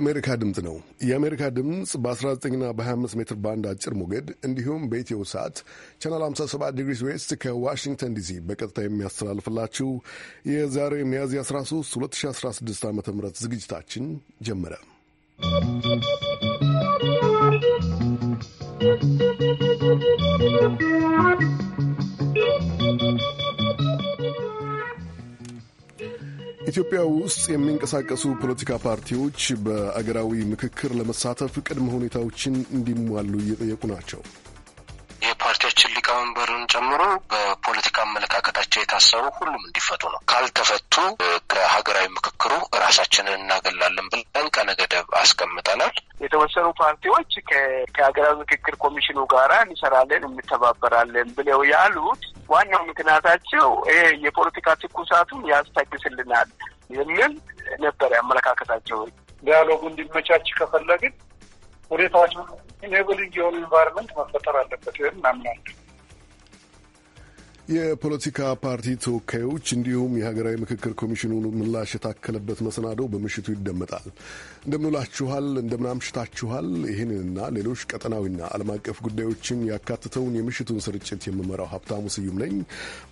የአሜሪካ ድምፅ ነው። የአሜሪካ ድምፅ በ19ና በ25 ሜትር ባንድ አጭር ሞገድ እንዲሁም በኢትዮ ሰዓት ቻናል 57 ዲግሪስ ዌስት ከዋሽንግተን ዲሲ በቀጥታ የሚያስተላልፍላችሁ የዛሬ ሚያዝያ 13 2016 ዓ ም ዝግጅታችን ጀመረ። ¶¶ ኢትዮጵያ ውስጥ የሚንቀሳቀሱ ፖለቲካ ፓርቲዎች በአገራዊ ምክክር ለመሳተፍ ቅድመ ሁኔታዎችን እንዲሟሉ እየጠየቁ ናቸው። የፓርቲዎችን ሊቀመንበርን ጨምሮ በፖለቲካ አመለካከታቸው የታሰሩ ሁሉም እንዲፈቱ ነው። ካልተፈቱ ከሀገራዊ ምክክሩ ራሳችንን እናገላለን ብለን ቀነ ገደብ አስቀምጠናል። የተወሰኑ ፓርቲዎች ከሀገራዊ ምክክር ኮሚሽኑ ጋር እንሰራለን፣ እንተባበራለን ብለው ያሉት ዋናው ምክንያታቸው ይሄ የፖለቲካ ትኩሳቱን ያስታግስልናል የሚል ነበር አመለካከታቸው። ዲያሎጉ እንዲመቻች ከፈለግን ሁኔታዎች ኢኔብሊንግ የሆኑ ኢንቫይሮንመንት መፈጠር አለበት። ይህን እናምናለን። የፖለቲካ ፓርቲ ተወካዮች እንዲሁም የሀገራዊ ምክክር ኮሚሽኑ ምላሽ የታከለበት መሰናዶ በምሽቱ ይደመጣል። እንደምንላችኋል እንደምናምሽታችኋል። ይህንንና ሌሎች ቀጠናዊና ዓለም አቀፍ ጉዳዮችን ያካትተውን የምሽቱን ስርጭት የምመራው ሀብታሙ ስዩም ነኝ።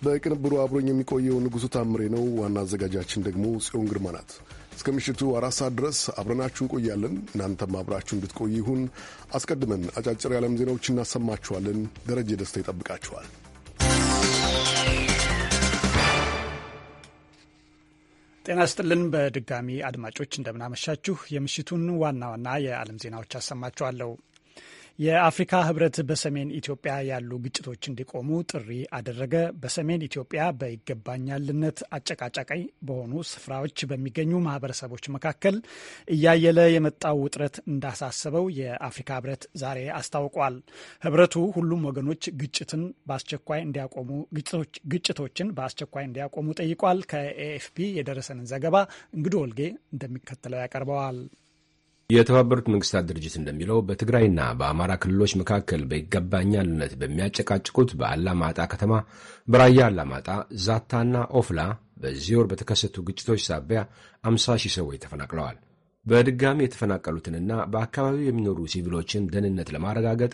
በቅንብሩ አብሮኝ የሚቆየው ንጉሱ ታምሬ ነው። ዋና አዘጋጃችን ደግሞ ጽዮን ግርማ ናት። እስከ ምሽቱ አራት ሰዓት ድረስ አብረናችሁ እንቆያለን። እናንተም አብራችሁ እንድትቆይ ይሁን። አስቀድመን አጫጭር የዓለም ዜናዎች እናሰማችኋለን። ደረጀ ደስታ ይጠብቃችኋል። ጤና ስጥልን። በድጋሚ አድማጮች እንደምናመሻችሁ። የምሽቱን ዋና ዋና የዓለም ዜናዎች አሰማችኋለሁ። የአፍሪካ ህብረት በሰሜን ኢትዮጵያ ያሉ ግጭቶች እንዲቆሙ ጥሪ አደረገ። በሰሜን ኢትዮጵያ በይገባኛልነት አጨቃጫቂ በሆኑ ስፍራዎች በሚገኙ ማህበረሰቦች መካከል እያየለ የመጣው ውጥረት እንዳሳሰበው የአፍሪካ ህብረት ዛሬ አስታውቋል። ህብረቱ ሁሉም ወገኖች ግጭትን በአስቸኳይ እንዲያቆሙ ግጭቶችን በአስቸኳይ እንዲያቆሙ ጠይቋል። ከኤኤፍፒ የደረሰንን ዘገባ እንግዶ ወልጌ እንደሚከተለው ያቀርበዋል። የተባበሩት መንግስታት ድርጅት እንደሚለው በትግራይና በአማራ ክልሎች መካከል በይገባኛልነት በሚያጨቃጭቁት በአላማጣ ከተማ፣ በራያ አላማጣ፣ ዛታና ኦፍላ በዚህ ወር በተከሰቱ ግጭቶች ሳቢያ 50 ሺህ ሰዎች ተፈናቅለዋል። በድጋሚ የተፈናቀሉትንና በአካባቢው የሚኖሩ ሲቪሎችን ደህንነት ለማረጋገጥ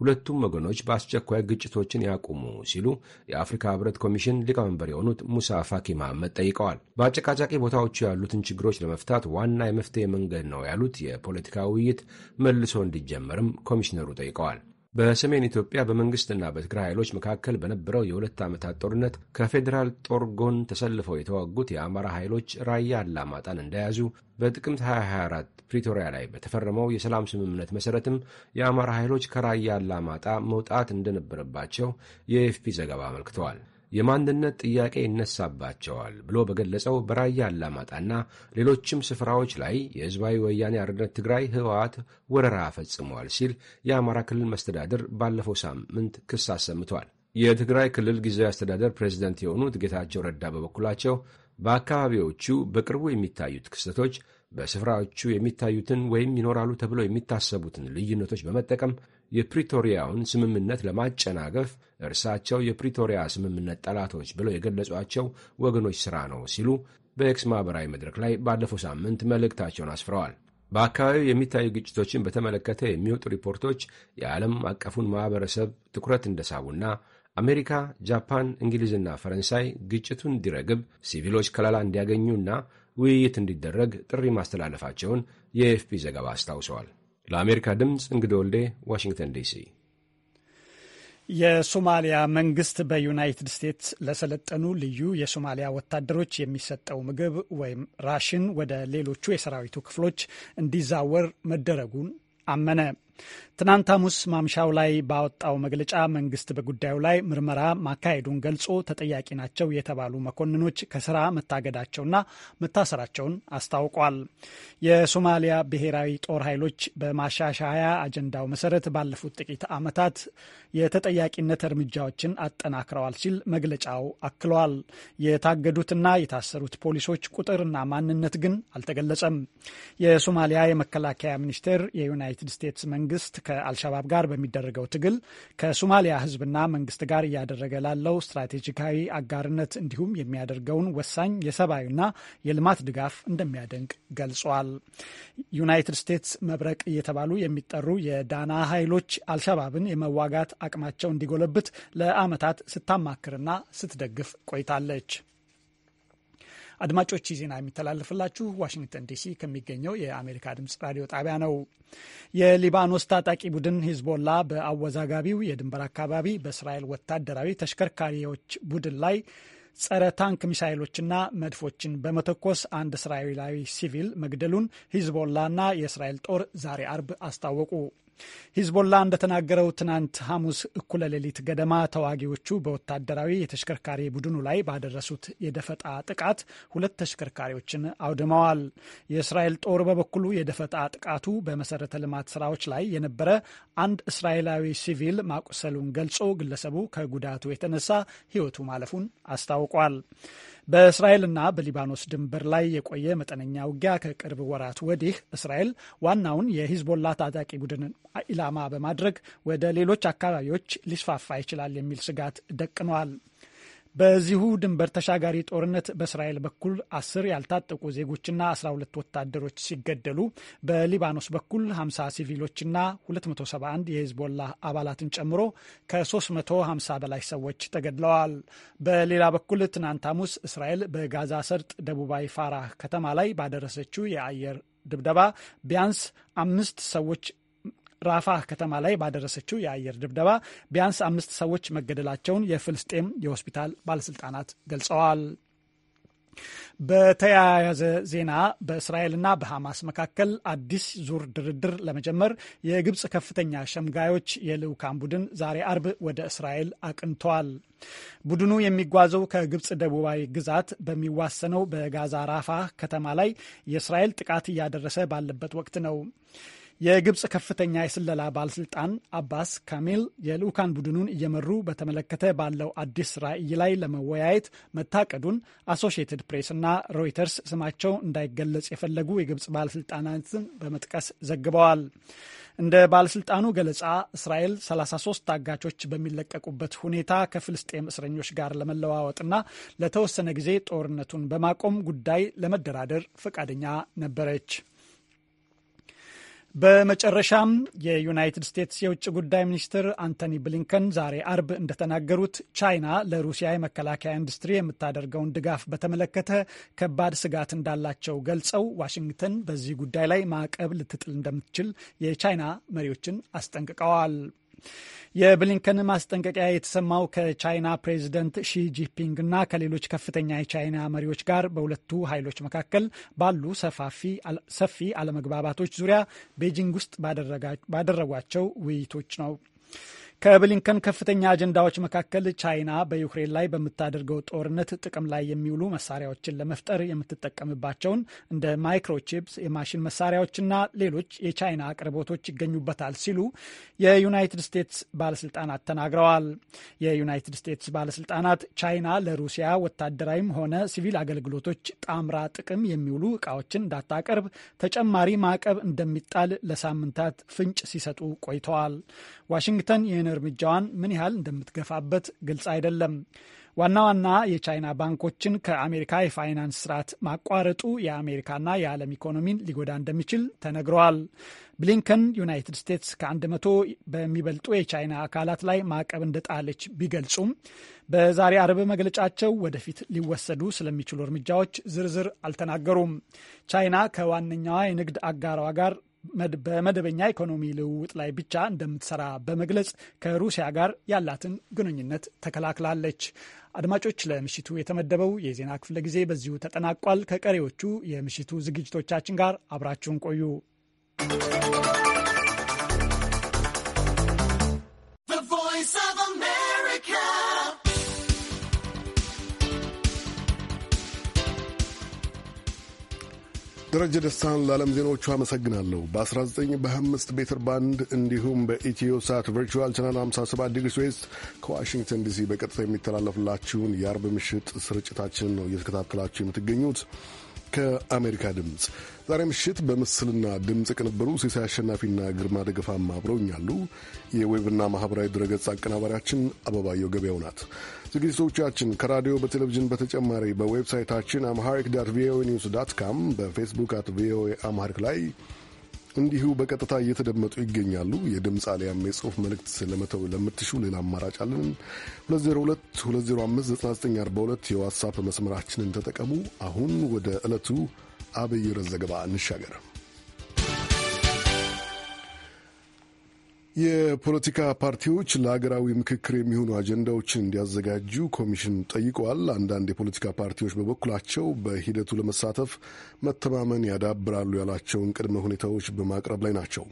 ሁለቱም ወገኖች በአስቸኳይ ግጭቶችን ያቁሙ ሲሉ የአፍሪካ ህብረት ኮሚሽን ሊቀመንበር የሆኑት ሙሳ ፋኪ መሐመድ ጠይቀዋል። በአጨቃጫቂ ቦታዎቹ ያሉትን ችግሮች ለመፍታት ዋና የመፍትሄ መንገድ ነው ያሉት የፖለቲካ ውይይት መልሶ እንዲጀመርም ኮሚሽነሩ ጠይቀዋል። በሰሜን ኢትዮጵያ በመንግሥትና በትግራይ ኃይሎች መካከል በነበረው የሁለት ዓመታት ጦርነት ከፌዴራል ጦር ጎን ተሰልፈው የተዋጉት የአማራ ኃይሎች ራያ አላማጣን እንደያዙ በጥቅምት 2024 ፕሪቶሪያ ላይ በተፈረመው የሰላም ስምምነት መሠረትም የአማራ ኃይሎች ከራያ አላማጣ መውጣት እንደነበረባቸው የኤፍፒ ዘገባ አመልክተዋል። የማንነት ጥያቄ ይነሳባቸዋል ብሎ በገለጸው በራያ አላማጣና ሌሎችም ስፍራዎች ላይ የሕዝባዊ ወያኔ አርነት ትግራይ ህወሓት ወረራ ፈጽመዋል ሲል የአማራ ክልል መስተዳድር ባለፈው ሳምንት ክስ አሰምቷል። የትግራይ ክልል ጊዜያዊ አስተዳደር ፕሬዚደንት የሆኑት ጌታቸው ረዳ በበኩላቸው በአካባቢዎቹ በቅርቡ የሚታዩት ክስተቶች በስፍራዎቹ የሚታዩትን ወይም ይኖራሉ ተብለው የሚታሰቡትን ልዩነቶች በመጠቀም የፕሪቶሪያውን ስምምነት ለማጨናገፍ እርሳቸው የፕሪቶሪያ ስምምነት ጠላቶች ብለው የገለጿቸው ወገኖች ሥራ ነው ሲሉ በኤክስ ማኅበራዊ መድረክ ላይ ባለፈው ሳምንት መልእክታቸውን አስፍረዋል። በአካባቢው የሚታዩ ግጭቶችን በተመለከተ የሚወጡ ሪፖርቶች የዓለም አቀፉን ማኅበረሰብ ትኩረት እንደሳቡና አሜሪካ፣ ጃፓን፣ እንግሊዝና ፈረንሳይ ግጭቱን እንዲረግብ ሲቪሎች ከለላ እንዲያገኙና ውይይት እንዲደረግ ጥሪ ማስተላለፋቸውን የኤፍፒ ዘገባ አስታውሰዋል። ለአሜሪካ ድምፅ እንግዶ ወልዴ ዋሽንግተን ዲሲ። የሶማሊያ መንግስት በዩናይትድ ስቴትስ ለሰለጠኑ ልዩ የሶማሊያ ወታደሮች የሚሰጠው ምግብ ወይም ራሽን ወደ ሌሎቹ የሰራዊቱ ክፍሎች እንዲዛወር መደረጉን አመነ። ትናንት ሐሙስ ማምሻው ላይ ባወጣው መግለጫ መንግስት በጉዳዩ ላይ ምርመራ ማካሄዱን ገልጾ ተጠያቂ ናቸው የተባሉ መኮንኖች ከስራ መታገዳቸውና መታሰራቸውን አስታውቋል። የሶማሊያ ብሔራዊ ጦር ኃይሎች በማሻሻያ አጀንዳው መሰረት ባለፉት ጥቂት ዓመታት የተጠያቂነት እርምጃዎችን አጠናክረዋል ሲል መግለጫው አክሏል። የታገዱትና የታሰሩት ፖሊሶች ቁጥርና ማንነት ግን አልተገለጸም። የሶማሊያ የመከላከያ ሚኒስቴር የዩናይትድ ስቴትስ መንግስት መንግስት ከአልሸባብ ጋር በሚደረገው ትግል ከሶማሊያ ህዝብና መንግስት ጋር እያደረገ ላለው ስትራቴጂካዊ አጋርነት እንዲሁም የሚያደርገውን ወሳኝ የሰብአዊና የልማት ድጋፍ እንደሚያደንቅ ገልጿል። ዩናይትድ ስቴትስ መብረቅ እየተባሉ የሚጠሩ የዳና ኃይሎች አልሸባብን የመዋጋት አቅማቸው እንዲጎለብት ለአመታት ስታማክርና ስትደግፍ ቆይታለች። አድማጮች ዜና የሚተላለፍላችሁ ዋሽንግተን ዲሲ ከሚገኘው የአሜሪካ ድምጽ ራዲዮ ጣቢያ ነው። የሊባኖስ ታጣቂ ቡድን ሂዝቦላ በአወዛጋቢው የድንበር አካባቢ በእስራኤል ወታደራዊ ተሽከርካሪዎች ቡድን ላይ ጸረ ታንክ ሚሳይሎችና መድፎችን በመተኮስ አንድ እስራኤላዊ ሲቪል መግደሉን ሂዝቦላና የእስራኤል ጦር ዛሬ አርብ አስታወቁ። ሂዝቦላ እንደተናገረው ትናንት ሐሙስ እኩለ ሌሊት ገደማ ተዋጊዎቹ በወታደራዊ የተሽከርካሪ ቡድኑ ላይ ባደረሱት የደፈጣ ጥቃት ሁለት ተሽከርካሪዎችን አውድመዋል። የእስራኤል ጦር በበኩሉ የደፈጣ ጥቃቱ በመሰረተ ልማት ስራዎች ላይ የነበረ አንድ እስራኤላዊ ሲቪል ማቁሰሉን ገልጾ ግለሰቡ ከጉዳቱ የተነሳ ሕይወቱ ማለፉን አስታውቋል። በእስራኤልና በሊባኖስ ድንበር ላይ የቆየ መጠነኛ ውጊያ ከቅርብ ወራት ወዲህ እስራኤል ዋናውን የሂዝቦላ ታጣቂ ቡድን ኢላማ በማድረግ ወደ ሌሎች አካባቢዎች ሊስፋፋ ይችላል የሚል ስጋት ደቅነዋል። በዚሁ ድንበር ተሻጋሪ ጦርነት በእስራኤል በኩል አስር ያልታጠቁ ዜጎችና 12 ወታደሮች ሲገደሉ በሊባኖስ በኩል 50 ሲቪሎችና 271 የሂዝቦላ አባላትን ጨምሮ ከ350 በላይ ሰዎች ተገድለዋል። በሌላ በኩል ትናንት ሐሙስ እስራኤል በጋዛ ሰርጥ ደቡባዊ ፋራ ከተማ ላይ ባደረሰችው የአየር ድብደባ ቢያንስ አምስት ሰዎች ራፋ ከተማ ላይ ባደረሰችው የአየር ድብደባ ቢያንስ አምስት ሰዎች መገደላቸውን የፍልስጤም የሆስፒታል ባለስልጣናት ገልጸዋል። በተያያዘ ዜና በእስራኤልና በሐማስ መካከል አዲስ ዙር ድርድር ለመጀመር የግብፅ ከፍተኛ ሸምጋዮች የልዑካን ቡድን ዛሬ አርብ ወደ እስራኤል አቅንተዋል። ቡድኑ የሚጓዘው ከግብፅ ደቡባዊ ግዛት በሚዋሰነው በጋዛ ራፋ ከተማ ላይ የእስራኤል ጥቃት እያደረሰ ባለበት ወቅት ነው። የግብፅ ከፍተኛ የስለላ ባለስልጣን አባስ ካሜል የልዑካን ቡድኑን እየመሩ በተመለከተ ባለው አዲስ ራዕይ ላይ ለመወያየት መታቀዱን አሶሺየትድ ፕሬስ እና ሮይተርስ ስማቸው እንዳይገለጽ የፈለጉ የግብፅ ባለስልጣናትን በመጥቀስ ዘግበዋል። እንደ ባለስልጣኑ ገለጻ እስራኤል 33 ታጋቾች በሚለቀቁበት ሁኔታ ከፍልስጤም እስረኞች ጋር ለመለዋወጥና ለተወሰነ ጊዜ ጦርነቱን በማቆም ጉዳይ ለመደራደር ፈቃደኛ ነበረች። በመጨረሻም የዩናይትድ ስቴትስ የውጭ ጉዳይ ሚኒስትር አንቶኒ ብሊንከን ዛሬ አርብ እንደተናገሩት ቻይና ለሩሲያ የመከላከያ ኢንዱስትሪ የምታደርገውን ድጋፍ በተመለከተ ከባድ ስጋት እንዳላቸው ገልጸው ዋሽንግተን በዚህ ጉዳይ ላይ ማዕቀብ ልትጥል እንደምትችል የቻይና መሪዎችን አስጠንቅቀዋል። የብሊንከን ማስጠንቀቂያ የተሰማው ከቻይና ፕሬዚደንት ሺ ጂንፒንግ እና ከሌሎች ከፍተኛ የቻይና መሪዎች ጋር በሁለቱ ኃይሎች መካከል ባሉ ሰፊ አለመግባባቶች ዙሪያ ቤጂንግ ውስጥ ባደረጓቸው ውይይቶች ነው። ከብሊንከን ከፍተኛ አጀንዳዎች መካከል ቻይና በዩክሬን ላይ በምታደርገው ጦርነት ጥቅም ላይ የሚውሉ መሳሪያዎችን ለመፍጠር የምትጠቀምባቸውን እንደ ማይክሮቺፕስ የማሽን መሳሪያዎችና ሌሎች የቻይና አቅርቦቶች ይገኙበታል ሲሉ የዩናይትድ ስቴትስ ባለስልጣናት ተናግረዋል። የዩናይትድ ስቴትስ ባለስልጣናት ቻይና ለሩሲያ ወታደራዊም ሆነ ሲቪል አገልግሎቶች ጣምራ ጥቅም የሚውሉ እቃዎችን እንዳታቀርብ ተጨማሪ ማዕቀብ እንደሚጣል ለሳምንታት ፍንጭ ሲሰጡ ቆይተዋል። ዋሽንግተን የዩዋን እርምጃዋን ምን ያህል እንደምትገፋበት ግልጽ አይደለም። ዋና ዋና የቻይና ባንኮችን ከአሜሪካ የፋይናንስ ስርዓት ማቋረጡ የአሜሪካና የዓለም ኢኮኖሚን ሊጎዳ እንደሚችል ተነግረዋል። ብሊንከን ዩናይትድ ስቴትስ ከአንድ መቶ በሚበልጡ የቻይና አካላት ላይ ማዕቀብ እንደጣለች ቢገልጹም በዛሬ አርብ መግለጫቸው ወደፊት ሊወሰዱ ስለሚችሉ እርምጃዎች ዝርዝር አልተናገሩም። ቻይና ከዋነኛዋ የንግድ አጋሯ ጋር በመደበኛ ኢኮኖሚ ልውውጥ ላይ ብቻ እንደምትሰራ በመግለጽ ከሩሲያ ጋር ያላትን ግንኙነት ተከላክላለች። አድማጮች፣ ለምሽቱ የተመደበው የዜና ክፍለ ጊዜ በዚሁ ተጠናቋል። ከቀሪዎቹ የምሽቱ ዝግጅቶቻችን ጋር አብራችሁን ቆዩ። ደረጀ ደስታን ለዓለም ዜናዎቹ አመሰግናለሁ። በ19 በ25 ሜትር ባንድ እንዲሁም በኢትዮ ሳት ቨርቹዋል ቻናል 57 ዲግሪ ስዌስት ከዋሽንግተን ዲሲ በቀጥታ የሚተላለፍላችሁን የአርብ ምሽት ስርጭታችን ነው እየተከታተላችሁ የምትገኙት ከአሜሪካ ድምፅ። ዛሬ ምሽት በምስልና ድምፅ ቅንብሩ ሲሳይ አሸናፊና ግርማ ደገፋም አብረውኛሉ። የዌብና ማኅበራዊ ድረገጽ አቀናባሪያችን አበባየው ገበያው ናት። ዝግጅቶቻችን ከራዲዮ በቴሌቪዥን በተጨማሪ በዌብሳይታችን አምሃሪክ ዳት ቪኦኤ ኒውስ ዳት ካም በፌስቡክ አት ቪኦኤ አምሃሪክ ላይ እንዲሁ በቀጥታ እየተደመጡ ይገኛሉ። የድምፅ አሊያም የጽሁፍ መልእክት ለመተው ለምትሹ ሌላ አማራጭ አለንም። 2022059942 የዋትሳፕ መስመራችንን ተጠቀሙ። አሁን ወደ ዕለቱ አብይ ርዕስ ዘገባ እንሻገር። የፖለቲካ ፓርቲዎች ለሀገራዊ ምክክር የሚሆኑ አጀንዳዎችን እንዲያዘጋጁ ኮሚሽን ጠይቀዋል። አንዳንድ የፖለቲካ ፓርቲዎች በበኩላቸው በሂደቱ ለመሳተፍ መተማመን ያዳብራሉ ያላቸውን ቅድመ ሁኔታዎች በማቅረብ ላይ ናቸው።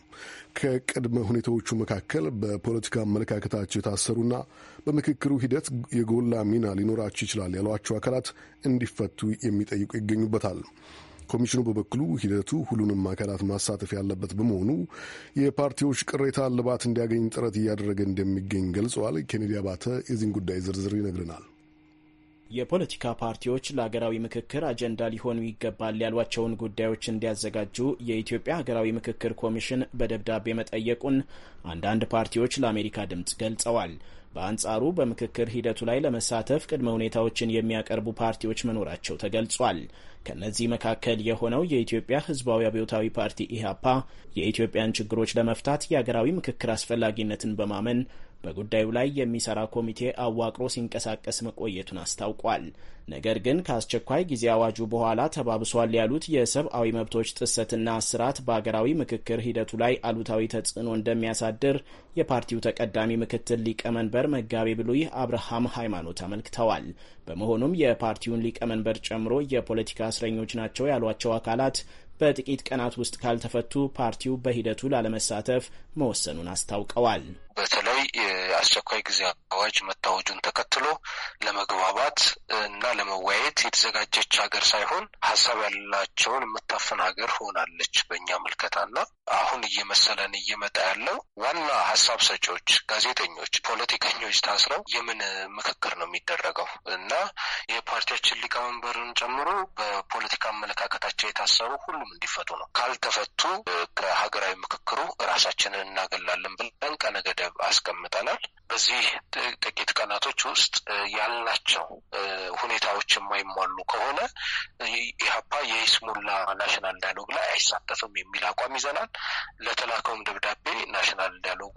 ከቅድመ ሁኔታዎቹ መካከል በፖለቲካ አመለካከታቸው የታሰሩና በምክክሩ ሂደት የጎላ ሚና ሊኖራቸው ይችላል ያሏቸው አካላት እንዲፈቱ የሚጠይቁ ይገኙበታል። ኮሚሽኑ በበኩሉ ሂደቱ ሁሉንም አካላት ማሳተፍ ያለበት በመሆኑ የፓርቲዎች ቅሬታ እልባት እንዲያገኝ ጥረት እያደረገ እንደሚገኝ ገልጸዋል። ኬኔዲ አባተ የዚህን ጉዳይ ዝርዝር ይነግረናል። የፖለቲካ ፓርቲዎች ለሀገራዊ ምክክር አጀንዳ ሊሆኑ ይገባል ያሏቸውን ጉዳዮች እንዲያዘጋጁ የኢትዮጵያ ሀገራዊ ምክክር ኮሚሽን በደብዳቤ መጠየቁን አንዳንድ ፓርቲዎች ለአሜሪካ ድምፅ ገልጸዋል። በአንጻሩ በምክክር ሂደቱ ላይ ለመሳተፍ ቅድመ ሁኔታዎችን የሚያቀርቡ ፓርቲዎች መኖራቸው ተገልጿል። ከእነዚህ መካከል የሆነው የኢትዮጵያ ሕዝባዊ አብዮታዊ ፓርቲ ኢህአፓ የኢትዮጵያን ችግሮች ለመፍታት የአገራዊ ምክክር አስፈላጊነትን በማመን በጉዳዩ ላይ የሚሰራ ኮሚቴ አዋቅሮ ሲንቀሳቀስ መቆየቱን አስታውቋል። ነገር ግን ከአስቸኳይ ጊዜ አዋጁ በኋላ ተባብሷል ያሉት የሰብአዊ መብቶች ጥሰትና ስርዓት በአገራዊ ምክክር ሂደቱ ላይ አሉታዊ ተጽዕኖ እንደሚያሳድር የፓርቲው ተቀዳሚ ምክትል ሊቀመንበር መጋቤ ብሉይ አብርሃም ሃይማኖት አመልክተዋል። በመሆኑም የፓርቲውን ሊቀመንበር ጨምሮ የፖለቲካ እስረኞች ናቸው ያሏቸው አካላት በጥቂት ቀናት ውስጥ ካልተፈቱ ፓርቲው በሂደቱ ላለመሳተፍ መወሰኑን አስታውቀዋል። በተለይ የአስቸኳይ ጊዜ አዋጅ መታወጁን ተከትሎ ለመግባባት እና ለመወያየት የተዘጋጀች ሀገር ሳይሆን ሀሳብ ያላቸውን የምታፈን ሀገር ሆናለች። በእኛ ምልከታና አሁን እየመሰለን እየመጣ ያለው ዋና ሀሳብ ሰጪዎች፣ ጋዜጠኞች፣ ፖለቲከኞች ታስረው የምን ምክክር ነው የሚደረገው እና የፓርቲያችን ሊቀመንበርን ጨምሮ በፖለቲካ አመለካከታቸው የታሰሩ ሁሉም እንዲፈቱ ነው። ካልተፈቱ ከሀገራዊ ምክክሩ ራሳችንን እናገላለን ብለን ቀነገደ ገደብ አስቀምጠናል። በዚህ ጥቂት ቀናቶች ውስጥ ያልናቸው ሁኔታዎች የማይሟሉ ከሆነ ኢህአፓ የይስሙላ ናሽናል ዳያሎግ ላይ አይሳተፍም የሚል አቋም ይዘናል። ለተላከውም ደብዳቤ ናሽናል ዳያሎጉ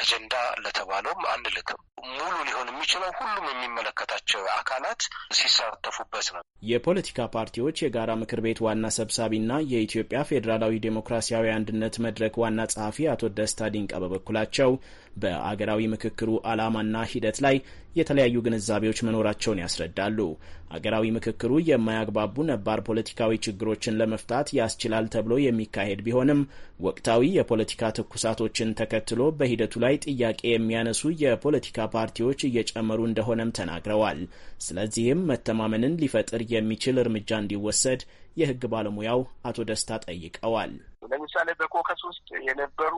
አጀንዳ ለተባለውም አንልክም። ሙሉ ሊሆን የሚችለው ሁሉም የሚመለከታቸው አካላት ሲሳተፉበት ነው። የፖለቲካ ፓርቲዎች የጋራ ምክር ቤት ዋና ሰብሳቢና የኢትዮጵያ ፌዴራላዊ ዴሞክራሲያዊ አንድነት መድረክ ዋና ጸሐፊ አቶ ደስታ ዲንቃ በበኩላቸው ናቸው። በአገራዊ ምክክሩ ዓላማና ሂደት ላይ የተለያዩ ግንዛቤዎች መኖራቸውን ያስረዳሉ። አገራዊ ምክክሩ የማያግባቡ ነባር ፖለቲካዊ ችግሮችን ለመፍታት ያስችላል ተብሎ የሚካሄድ ቢሆንም ወቅታዊ የፖለቲካ ትኩሳቶችን ተከትሎ በሂደቱ ላይ ጥያቄ የሚያነሱ የፖለቲካ ፓርቲዎች እየጨመሩ እንደሆነም ተናግረዋል። ስለዚህም መተማመንን ሊፈጥር የሚችል እርምጃ እንዲወሰድ የህግ ባለሙያው አቶ ደስታ ጠይቀዋል። ለምሳሌ በኮከስ ውስጥ የነበሩ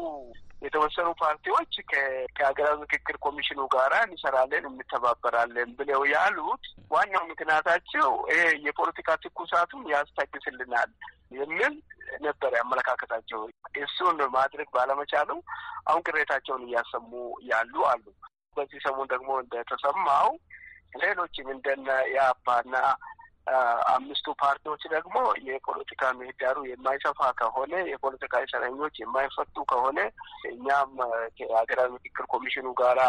የተወሰኑ ፓርቲዎች ከሀገራዊ ምክክር ኮሚሽኑ ጋር እንሰራለን፣ እንተባበራለን ብለው ያሉት ዋናው ምክንያታቸው ይሄ የፖለቲካ ትኩሳቱን ያስታግስልናል የሚል ነበር ያመለካከታቸው። እሱን ማድረግ ባለመቻሉ አሁን ቅሬታቸውን እያሰሙ ያሉ አሉ። በዚህ ሰሞን ደግሞ እንደተሰማው ሌሎችም እንደነ የአባና አምስቱ ፓርቲዎች ደግሞ የፖለቲካ ምህዳሩ የማይሰፋ ከሆነ የፖለቲካ እስረኞች የማይፈቱ ከሆነ እኛም ከሀገራዊ ምክክር ኮሚሽኑ ጋራ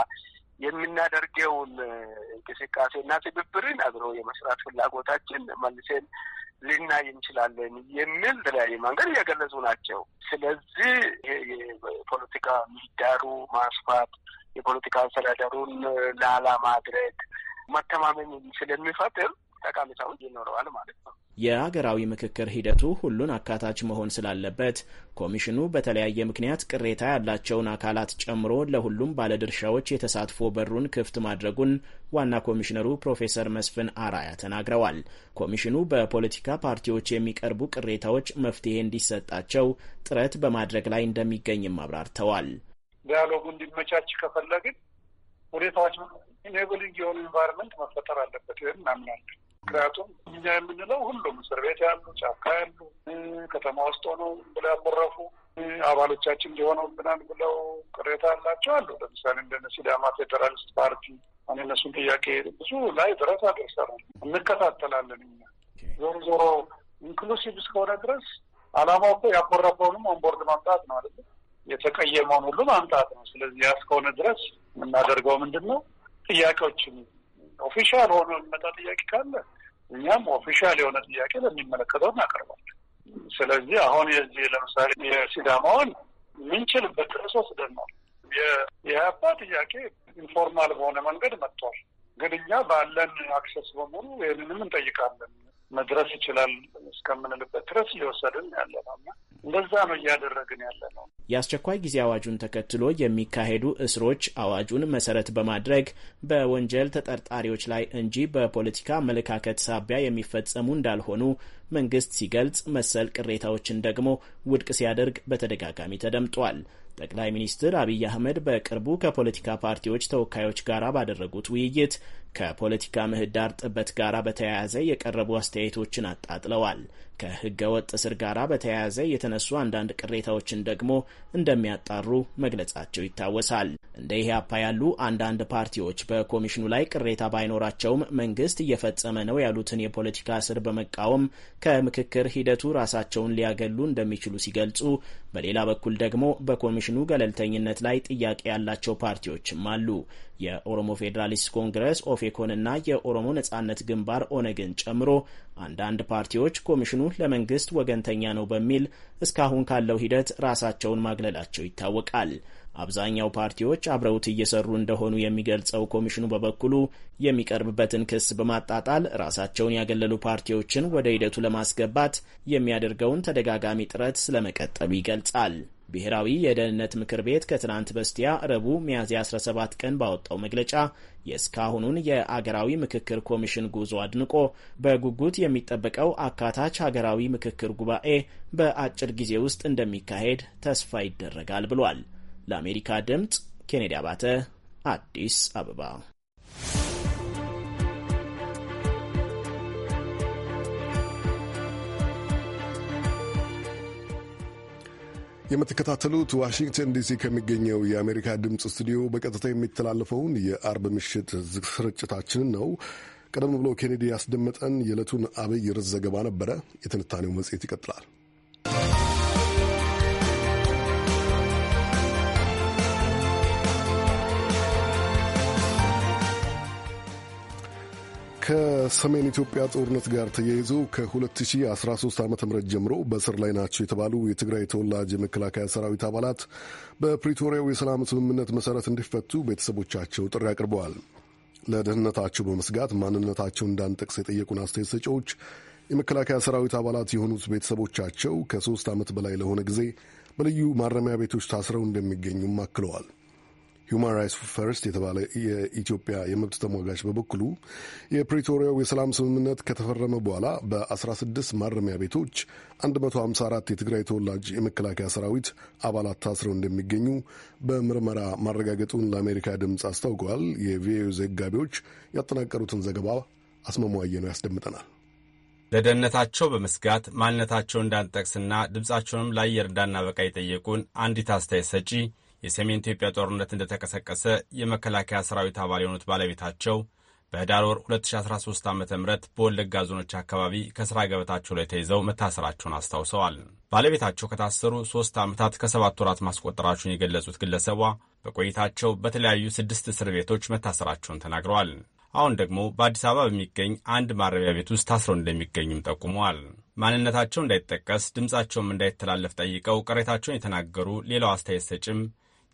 የምናደርገውን እንቅስቃሴና ትብብርን አብሮ የመስራት ፍላጎታችን መልሰን ልናይ እንችላለን የሚል ተለያየ መንገድ እየገለጹ ናቸው። ስለዚህ የፖለቲካ ምህዳሩ ማስፋት የፖለቲካ አስተዳደሩን ላላ ማድረግ መተማመን ስለሚፈጥር ጠቀሜታዎች ይኖረዋል ማለት ነው። የሀገራዊ ምክክር ሂደቱ ሁሉን አካታች መሆን ስላለበት ኮሚሽኑ በተለያየ ምክንያት ቅሬታ ያላቸውን አካላት ጨምሮ ለሁሉም ባለድርሻዎች የተሳትፎ በሩን ክፍት ማድረጉን ዋና ኮሚሽነሩ ፕሮፌሰር መስፍን አራያ ተናግረዋል። ኮሚሽኑ በፖለቲካ ፓርቲዎች የሚቀርቡ ቅሬታዎች መፍትሄ እንዲሰጣቸው ጥረት በማድረግ ላይ እንደሚገኝም አብራርተዋል። ዲያሎጉ እንዲመቻች ከፈለግን ሁኔታዎች ኢኔብሊንግ የሆኑ ኢንቫይሮንመንት መፈጠር አለበት ይህን እናምናለን። ምክንያቱም እኛ የምንለው ሁሉም እስር ቤት ያሉ፣ ጫካ ያሉ፣ ከተማ ውስጥ ሆነው ብለ ያቦረፉ አባሎቻችን ሊሆነውብናል ብለው ቅሬታ አላቸው አሉ። ለምሳሌ እንደነ ሲዳማ ፌዴራሊስት ፓርቲ አሁን የነሱን ጥያቄ ብዙ ላይ ድረስ አደርሰናል፣ እንከታተላለን። እኛ ዞሮ ዞሮ ኢንክሉሲቭ እስከሆነ ድረስ አላማው እኮ ያኮረፈውንም ኦንቦርድ ማምጣት ነው አይደለ? የተቀየመውን ሁሉ ማምጣት ነው። ስለዚህ ያ እስከሆነ ድረስ የምናደርገው ምንድን ነው ጥያቄዎችን ኦፊሻል ሆኖ የሚመጣ ጥያቄ ካለ እኛም ኦፊሻል የሆነ ጥያቄ ለሚመለከተው እናቀርባለን። ስለዚህ አሁን የዚህ ለምሳሌ የሲዳማውን የምንችልበት ድረስ ወስደናል። የኢህአፓ ጥያቄ ኢንፎርማል በሆነ መንገድ መጥቷል። ግን እኛ ባለን አክሰስ በሙሉ ይህንንም እንጠይቃለን። መድረስ ይችላል እስከምንልበት ድረስ እየወሰድን ያለ ነው እና እንደዛ ነው እያደረግን ያለ ነው። የአስቸኳይ ጊዜ አዋጁን ተከትሎ የሚካሄዱ እስሮች አዋጁን መሰረት በማድረግ በወንጀል ተጠርጣሪዎች ላይ እንጂ በፖለቲካ አመለካከት ሳቢያ የሚፈጸሙ እንዳልሆኑ መንግስት ሲገልጽ መሰል ቅሬታዎችን ደግሞ ውድቅ ሲያደርግ በተደጋጋሚ ተደምጧል። ጠቅላይ ሚኒስትር አብይ አህመድ በቅርቡ ከፖለቲካ ፓርቲዎች ተወካዮች ጋር ባደረጉት ውይይት ከፖለቲካ ምህዳር ጥበት ጋር በተያያዘ የቀረቡ አስተያየቶችን አጣጥለዋል። ከህገወጥ እስር ጋር በተያያዘ የተነሱ አንዳንድ ቅሬታዎችን ደግሞ እንደሚያጣሩ መግለጻቸው ይታወሳል። እንደ ኢህአፓ ያሉ አንዳንድ ፓርቲዎች በኮሚሽኑ ላይ ቅሬታ ባይኖራቸውም መንግስት እየፈጸመ ነው ያሉትን የፖለቲካ እስር በመቃወም ከምክክር ሂደቱ ራሳቸውን ሊያገሉ እንደሚችሉ ሲገልጹ፣ በሌላ በኩል ደግሞ በኮሚሽኑ ገለልተኝነት ላይ ጥያቄ ያላቸው ፓርቲዎችም አሉ። የኦሮሞ ፌዴራሊስት ኮንግረስ ኦፌኮንና የኦሮሞ ነጻነት ግንባር ኦነግን ጨምሮ አንዳንድ ፓርቲዎች ኮሚሽኑ ለመንግስት ወገንተኛ ነው በሚል እስካሁን ካለው ሂደት ራሳቸውን ማግለላቸው ይታወቃል። አብዛኛው ፓርቲዎች አብረውት እየሰሩ እንደሆኑ የሚገልጸው ኮሚሽኑ በበኩሉ የሚቀርብበትን ክስ በማጣጣል ራሳቸውን ያገለሉ ፓርቲዎችን ወደ ሂደቱ ለማስገባት የሚያደርገውን ተደጋጋሚ ጥረት ስለመቀጠሉ ይገልጻል። ብሔራዊ የደህንነት ምክር ቤት ከትናንት በስቲያ ረቡዕ ሚያዝያ 17 ቀን ባወጣው መግለጫ የእስካሁኑን የአገራዊ ምክክር ኮሚሽን ጉዞ አድንቆ በጉጉት የሚጠበቀው አካታች ሀገራዊ ምክክር ጉባኤ በአጭር ጊዜ ውስጥ እንደሚካሄድ ተስፋ ይደረጋል ብሏል። ለአሜሪካ ድምፅ ኬኔዲ አባተ አዲስ አበባ የምትከታተሉት ዋሽንግተን ዲሲ ከሚገኘው የአሜሪካ ድምፅ ስቱዲዮ በቀጥታ የሚተላለፈውን የአርብ ምሽት ስርጭታችንን ነው። ቀደም ብሎ ኬኔዲ ያስደመጠን የዕለቱን አብይ ርዕስ ዘገባ ነበረ። የትንታኔው መጽሔት ይቀጥላል። ከሰሜን ኢትዮጵያ ጦርነት ጋር ተያይዞ ከ2013 ዓ ም ጀምሮ በእስር ላይ ናቸው የተባሉ የትግራይ ተወላጅ የመከላከያ ሰራዊት አባላት በፕሪቶሪያው የሰላም ስምምነት መሠረት እንዲፈቱ ቤተሰቦቻቸው ጥሪ አቅርበዋል። ለደህንነታቸው በመስጋት ማንነታቸው እንዳንጠቅስ የጠየቁን አስተያየት ሰጪዎች የመከላከያ ሰራዊት አባላት የሆኑት ቤተሰቦቻቸው ከሦስት ዓመት በላይ ለሆነ ጊዜ በልዩ ማረሚያ ቤቶች ታስረው እንደሚገኙም አክለዋል። ሁማን ራይትስ ፈርስት የተባለ የኢትዮጵያ የመብት ተሟጋች በበኩሉ የፕሪቶሪያው የሰላም ስምምነት ከተፈረመ በኋላ በ16 ማረሚያ ቤቶች 154 የትግራይ ተወላጅ የመከላከያ ሰራዊት አባላት ታስረው እንደሚገኙ በምርመራ ማረጋገጡን ለአሜሪካ ድምፅ አስታውቀዋል። የቪኦኤ ዘጋቢዎች ያጠናቀሩትን ዘገባ አስመሟየ ነው ያስደምጠናል። ለደህንነታቸው በመስጋት ማንነታቸው እንዳንጠቅስና ድምፃቸውንም ለአየር እንዳናበቃ የጠየቁን አንዲት አስተያየት ሰጪ የሰሜን ኢትዮጵያ ጦርነት እንደተቀሰቀሰ የመከላከያ ሰራዊት አባል የሆኑት ባለቤታቸው በህዳር ወር 2013 ዓ ም በወለጋ ዞኖች አካባቢ ከሥራ ገበታቸው ላይ ተይዘው መታሰራቸውን አስታውሰዋል። ባለቤታቸው ከታሰሩ ሦስት ዓመታት ከሰባት ወራት ማስቆጠራቸውን የገለጹት ግለሰቧ በቆይታቸው በተለያዩ ስድስት እስር ቤቶች መታሰራቸውን ተናግረዋል። አሁን ደግሞ በአዲስ አበባ በሚገኝ አንድ ማረቢያ ቤት ውስጥ ታስረው እንደሚገኙም ጠቁመዋል። ማንነታቸው እንዳይጠቀስ ድምፃቸውም እንዳይተላለፍ ጠይቀው ቅሬታቸውን የተናገሩ ሌላው አስተያየት ሰጭም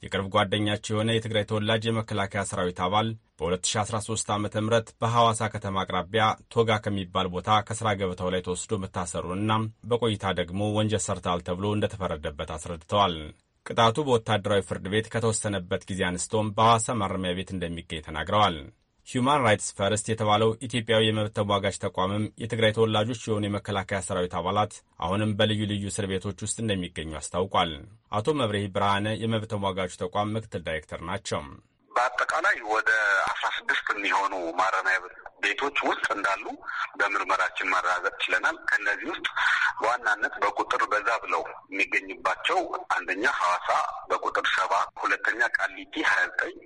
የቅርብ ጓደኛቸው የሆነ የትግራይ ተወላጅ የመከላከያ ሰራዊት አባል በ2013 ዓ ም በሐዋሳ ከተማ አቅራቢያ ቶጋ ከሚባል ቦታ ከሥራ ገበታው ላይ ተወስዶ መታሰሩንና በቆይታ ደግሞ ወንጀል ሰርታል ተብሎ እንደተፈረደበት አስረድተዋል። ቅጣቱ በወታደራዊ ፍርድ ቤት ከተወሰነበት ጊዜ አንስቶም በሐዋሳ ማረሚያ ቤት እንደሚገኝ ተናግረዋል። ሂዩማን ራይትስ ፈርስት የተባለው ኢትዮጵያዊ የመብት ተሟጋች ተቋምም የትግራይ ተወላጆች የሆኑ የመከላከያ ሰራዊት አባላት አሁንም በልዩ ልዩ እስር ቤቶች ውስጥ እንደሚገኙ አስታውቋል። አቶ መብርሄ ብርሃነ የመብት ተሟጋቹ ተቋም ምክትል ዳይሬክተር ናቸው። በአጠቃላይ ወደ አስራ ስድስት የሚሆኑ ማረሚያ ቤቶች ውስጥ እንዳሉ በምርመራችን ማረጋገጥ ችለናል። ከእነዚህ ውስጥ በዋናነት በቁጥር በዛ ብለው የሚገኝባቸው አንደኛ ሐዋሳ በቁጥር ሰባ ሁለተኛ ቃሊቲ ሀያ ዘጠኝ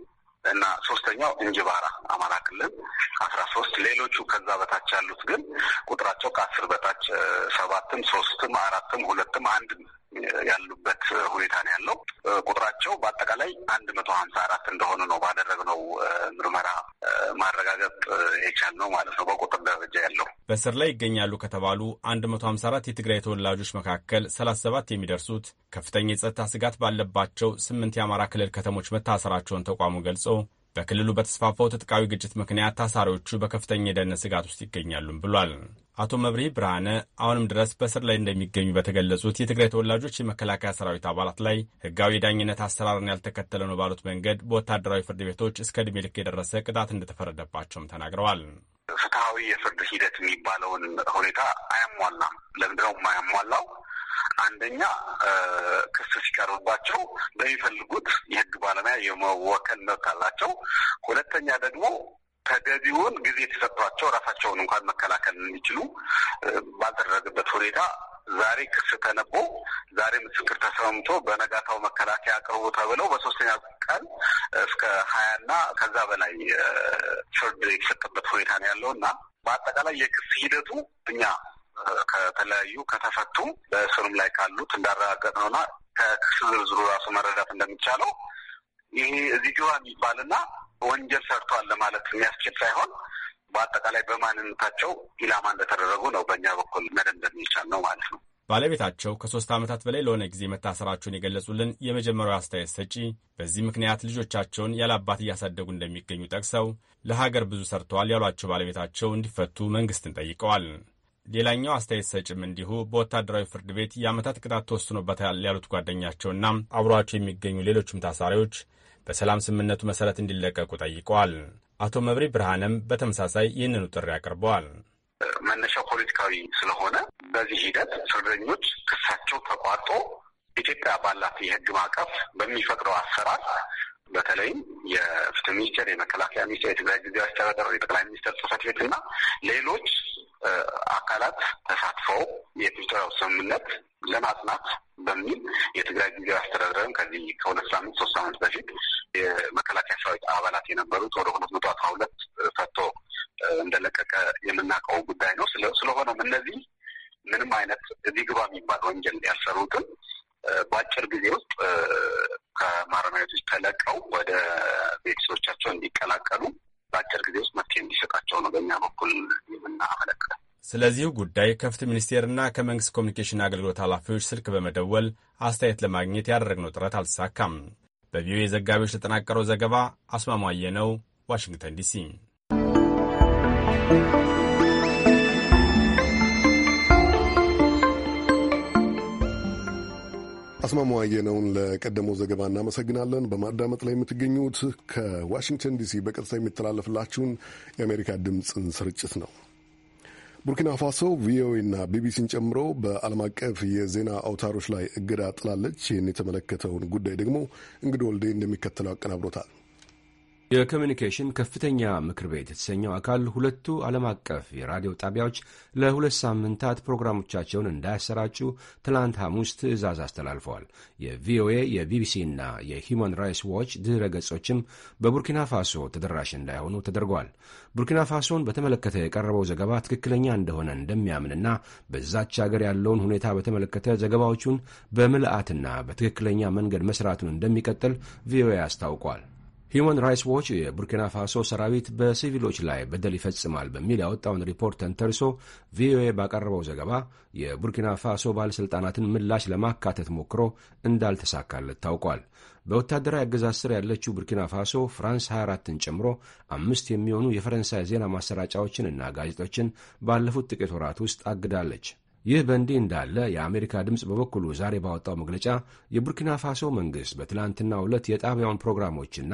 እና ሶስተኛው እንጅባራ አማራ ክልል አስራ ሶስት ሌሎቹ ከዛ በታች ያሉት ግን ቁጥራቸው ከአስር በታች ሰባትም ሶስትም አራትም ሁለትም አንድም ያሉበት ሁኔታ ነው ያለው። ቁጥራቸው በአጠቃላይ አንድ መቶ ሀምሳ አራት እንደሆነ ነው ባደረግነው ምርመራ ማረጋገጥ የቻልነው ማለት ነው። በቁጥር ደረጃ ያለው በስር ላይ ይገኛሉ ከተባሉ አንድ መቶ ሀምሳ አራት የትግራይ ተወላጆች መካከል ሰላሳ ሰባት የሚደርሱት ከፍተኛ የጸጥታ ስጋት ባለባቸው ስምንት የአማራ ክልል ከተሞች መታሰራቸውን ተቋሙ ገልጾ በክልሉ በተስፋፋው ትጥቃዊ ግጭት ምክንያት ታሳሪዎቹ በከፍተኛ የደህንነት ስጋት ውስጥ ይገኛሉም ብሏል። አቶ መብሪ ብርሃነ አሁንም ድረስ በእስር ላይ እንደሚገኙ በተገለጹት የትግራይ ተወላጆች የመከላከያ ሰራዊት አባላት ላይ ህጋዊ የዳኝነት አሰራርን ያልተከተለ ነው ባሉት መንገድ በወታደራዊ ፍርድ ቤቶች እስከ ዕድሜ ልክ የደረሰ ቅጣት እንደተፈረደባቸውም ተናግረዋል። ፍትሐዊ የፍርድ ሂደት የሚባለውን ሁኔታ አያሟላም። ለምንድነው የማያሟላው? አንደኛ ክስ ሲቀርብባቸው በሚፈልጉት የህግ ባለሙያ የመወከል መብት አላቸው። ሁለተኛ ደግሞ ተገቢውን ጊዜ የተሰጥቷቸው ራሳቸውን እንኳን መከላከል የሚችሉ ባልተደረገበት ሁኔታ ዛሬ ክስ ተነቦ ዛሬ ምስክር ተሰምቶ በነጋታው መከላከያ አቅርቡ ተብለው በሶስተኛ ቀን እስከ ሀያና ከዛ በላይ ፍርድ የተሰጠበት ሁኔታ ነው ያለው እና በአጠቃላይ የክስ ሂደቱ እኛ ከተለያዩ ከተፈቱ በእስሩም ላይ ካሉት እንዳረጋገጥ ነውና ከክስ ዝርዝሩ ራሱ መረዳት እንደሚቻለው ይሄ እዚህ ግባ የሚባልና ወንጀል ሰርቷል ለማለት የሚያስችል ሳይሆን በአጠቃላይ በማንነታቸው ኢላማ እንደተደረጉ ነው በእኛ በኩል መደምደም የሚቻል ነው ማለት ነው። ባለቤታቸው ከሶስት ዓመታት በላይ ለሆነ ጊዜ መታሰራቸውን የገለጹልን የመጀመሪያው አስተያየት ሰጪ በዚህ ምክንያት ልጆቻቸውን ያለ አባት እያሳደጉ እንደሚገኙ ጠቅሰው ለሀገር ብዙ ሰርተዋል ያሏቸው ባለቤታቸው እንዲፈቱ መንግስትን ጠይቀዋል። ሌላኛው አስተያየት ሰጭም እንዲሁ በወታደራዊ ፍርድ ቤት የዓመታት ቅጣት ተወስኖበታል ያሉት ጓደኛቸውና አብሯቸው የሚገኙ ሌሎችም ታሳሪዎች በሰላም ስምምነቱ መሰረት እንዲለቀቁ ጠይቀዋል። አቶ መብሪ ብርሃንም በተመሳሳይ ይህንኑ ጥሪ አቅርበዋል። መነሻው ፖለቲካዊ ስለሆነ በዚህ ሂደት እስረኞች ክሳቸው ተቋርጦ ኢትዮጵያ ባላት የሕግ ማዕቀፍ በሚፈቅደው አሰራር በተለይም የፍትህ ሚኒስቴር፣ የመከላከያ ሚኒስቴር፣ የትግራይ ጊዜ አስተዳደር፣ የጠቅላይ ሚኒስትር ጽህፈት ቤት እና ሌሎች አካላት ተሳትፈው የፕሪቶሪያው ስምምነት ለማጽናት በሚል የትግራይ ጊዜ አስተዳደርም ከዚህ ከሁለት ሳምንት ሶስት ሳምንት በፊት የመከላከያ ሰራዊት አባላት የነበሩት ወደ ሁለት መቶ አስራ ሁለት ፈቶ እንደለቀቀ የምናውቀው ጉዳይ ነው። ስለሆነም እነዚህ ምንም አይነት እዚህ ግባ የሚባል ወንጀል ያልሰሩትን በአጭር ጊዜ ውስጥ ከማረሚያ ቤቶች ተለቀው ወደ ቤተሰቦቻቸው እንዲቀላቀሉ በአጭር ጊዜ ውስጥ መፍትሄ እንዲሰጣቸው ነው በእኛ በኩል የምናመለክተው። ስለዚሁ ጉዳይ ከፍትህ ሚኒስቴርና ከመንግስት ኮሚኒኬሽን አገልግሎት ኃላፊዎች ስልክ በመደወል አስተያየት ለማግኘት ያደረግነው ጥረት አልተሳካም። በቪኦኤ ዘጋቢዎች ለተጠናቀረው ዘገባ አስማማየ ነው፣ ዋሽንግተን ዲሲ። አስማማው አየነውን ለቀደመው ዘገባ እናመሰግናለን። በማዳመጥ ላይ የምትገኙት ከዋሽንግተን ዲሲ በቀጥታ የሚተላለፍላችሁን የአሜሪካ ድምፅን ስርጭት ነው። ቡርኪና ፋሶ ቪኦኤና ቢቢሲን ጨምሮ በዓለም አቀፍ የዜና አውታሮች ላይ እገዳ ጥላለች። ይህን የተመለከተውን ጉዳይ ደግሞ እንግዲህ ወልዴ እንደሚከተለው አቀናብሮታል። የኮሚኒኬሽን ከፍተኛ ምክር ቤት የተሰኘው አካል ሁለቱ ዓለም አቀፍ የራዲዮ ጣቢያዎች ለሁለት ሳምንታት ፕሮግራሞቻቸውን እንዳያሰራጩ ትላንት ሐሙስ ትዕዛዝ አስተላልፈዋል። የቪኦኤ የቢቢሲ እና የሂዩማን ራይትስ ዋች ድህረ ገጾችም በቡርኪና ፋሶ ተደራሽ እንዳይሆኑ ተደርገዋል። ቡርኪና ፋሶን በተመለከተ የቀረበው ዘገባ ትክክለኛ እንደሆነ እንደሚያምንና በዛች አገር ያለውን ሁኔታ በተመለከተ ዘገባዎቹን በምልአትና በትክክለኛ መንገድ መስራቱን እንደሚቀጥል ቪኦኤ አስታውቋል። ሂውማን ራይትስ ዎች የቡርኪና ፋሶ ሰራዊት በሲቪሎች ላይ በደል ይፈጽማል በሚል ያወጣውን ሪፖርት ተንተርሶ ቪኦኤ ባቀረበው ዘገባ የቡርኪና ፋሶ ባለሥልጣናትን ምላሽ ለማካተት ሞክሮ እንዳልተሳካለት ታውቋል። በወታደራዊ አገዛዝ ስር ያለችው ቡርኪና ፋሶ ፍራንስ 24ን ጨምሮ አምስት የሚሆኑ የፈረንሳይ ዜና ማሰራጫዎችን እና ጋዜጦችን ባለፉት ጥቂት ወራት ውስጥ አግዳለች። ይህ በእንዲህ እንዳለ የአሜሪካ ድምፅ በበኩሉ ዛሬ ባወጣው መግለጫ የቡርኪና ፋሶ መንግሥት በትላንትናው ዕለት የጣቢያውን ፕሮግራሞችና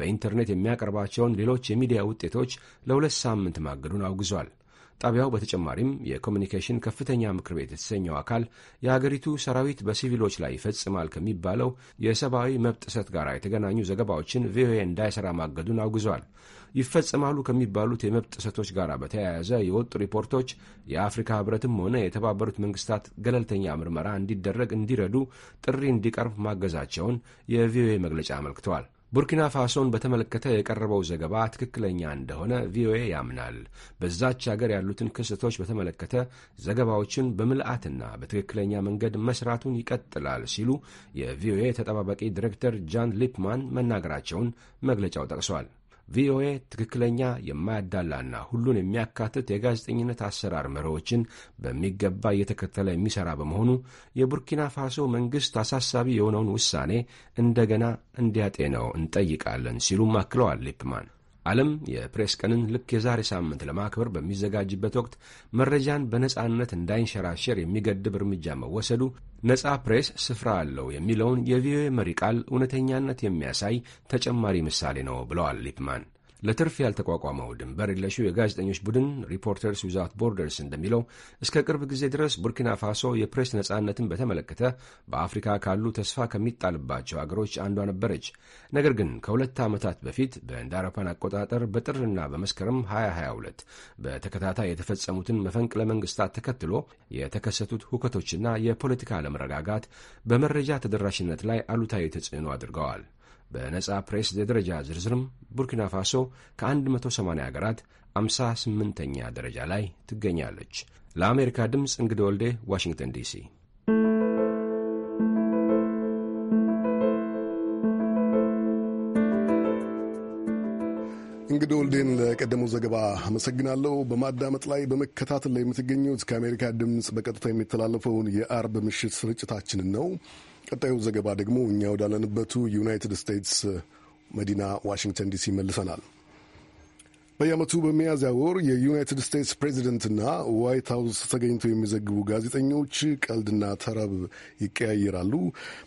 በኢንተርኔት የሚያቀርባቸውን ሌሎች የሚዲያ ውጤቶች ለሁለት ሳምንት ማገዱን አውግዟል። ጣቢያው በተጨማሪም የኮሚኒኬሽን ከፍተኛ ምክር ቤት የተሰኘው አካል የአገሪቱ ሰራዊት በሲቪሎች ላይ ይፈጽማል ከሚባለው የሰብአዊ መብት ጥሰት ጋር የተገናኙ ዘገባዎችን ቪኦኤ እንዳይሰራ ማገዱን አውግዟል። ይፈጸማሉ ከሚባሉት የመብት ጥሰቶች ጋር በተያያዘ የወጡ ሪፖርቶች የአፍሪካ ህብረትም ሆነ የተባበሩት መንግስታት ገለልተኛ ምርመራ እንዲደረግ እንዲረዱ ጥሪ እንዲቀርብ ማገዛቸውን የቪኦኤ መግለጫ አመልክተዋል። ቡርኪና ፋሶን በተመለከተ የቀረበው ዘገባ ትክክለኛ እንደሆነ ቪኦኤ ያምናል። በዛች አገር ያሉትን ክስተቶች በተመለከተ ዘገባዎችን በምልአትና በትክክለኛ መንገድ መስራቱን ይቀጥላል ሲሉ የቪኦኤ ተጠባባቂ ዲሬክተር ጃን ሊፕማን መናገራቸውን መግለጫው ጠቅሷል። ቪኦኤ ትክክለኛ የማያዳላና ሁሉን የሚያካትት የጋዜጠኝነት አሰራር መርሆችን በሚገባ እየተከተለ የሚሰራ በመሆኑ የቡርኪና ፋሶ መንግሥት አሳሳቢ የሆነውን ውሳኔ እንደገና እንዲያጤነው እንጠይቃለን ሲሉም አክለዋል ሊፕማን። ዓለም የፕሬስ ቀንን ልክ የዛሬ ሳምንት ለማክበር በሚዘጋጅበት ወቅት መረጃን በነጻነት እንዳይንሸራሸር የሚገድብ እርምጃ መወሰዱ ነጻ ፕሬስ ስፍራ አለው የሚለውን የቪኦኤ መሪ ቃል እውነተኛነት የሚያሳይ ተጨማሪ ምሳሌ ነው ብለዋል ሊፕማን። ለትርፍ ያልተቋቋመው ድንበር የለሹ የጋዜጠኞች ቡድን ሪፖርተርስ ዊዛውት ቦርደርስ እንደሚለው እስከ ቅርብ ጊዜ ድረስ ቡርኪና ፋሶ የፕሬስ ነጻነትን በተመለከተ በአፍሪካ ካሉ ተስፋ ከሚጣልባቸው አገሮች አንዷ ነበረች። ነገር ግን ከሁለት ዓመታት በፊት በእንደ አውሮፓውያን አቆጣጠር በጥርና በመስከረም 2022 በተከታታይ የተፈጸሙትን መፈንቅለ መንግስታት ተከትሎ የተከሰቱት ሁከቶችና የፖለቲካ አለመረጋጋት በመረጃ ተደራሽነት ላይ አሉታዊ ተጽዕኖ አድርገዋል። በነጻ ፕሬስ የደረጃ ዝርዝርም ቡርኪና ፋሶ ከ180 ሀገራት 58ኛ ደረጃ ላይ ትገኛለች። ለአሜሪካ ድምፅ እንግዲህ ወልዴ ዋሽንግተን ዲሲ። እንግዲህ ወልዴን ለቀደመው ዘገባ አመሰግናለሁ። በማዳመጥ ላይ በመከታተል ላይ የምትገኙት ከአሜሪካ ድምፅ በቀጥታ የሚተላለፈውን የአርብ ምሽት ስርጭታችንን ነው። ቀጣዩ ዘገባ ደግሞ እኛ ወዳለንበቱ ዩናይትድ ስቴትስ መዲና ዋሽንግተን ዲሲ መልሰናል። በየዓመቱ በሚያዝያ ወር የዩናይትድ ስቴትስ ፕሬዚደንትና ዋይት ሀውስ ተገኝተው የሚዘግቡ ጋዜጠኞች ቀልድና ተረብ ይቀያየራሉ።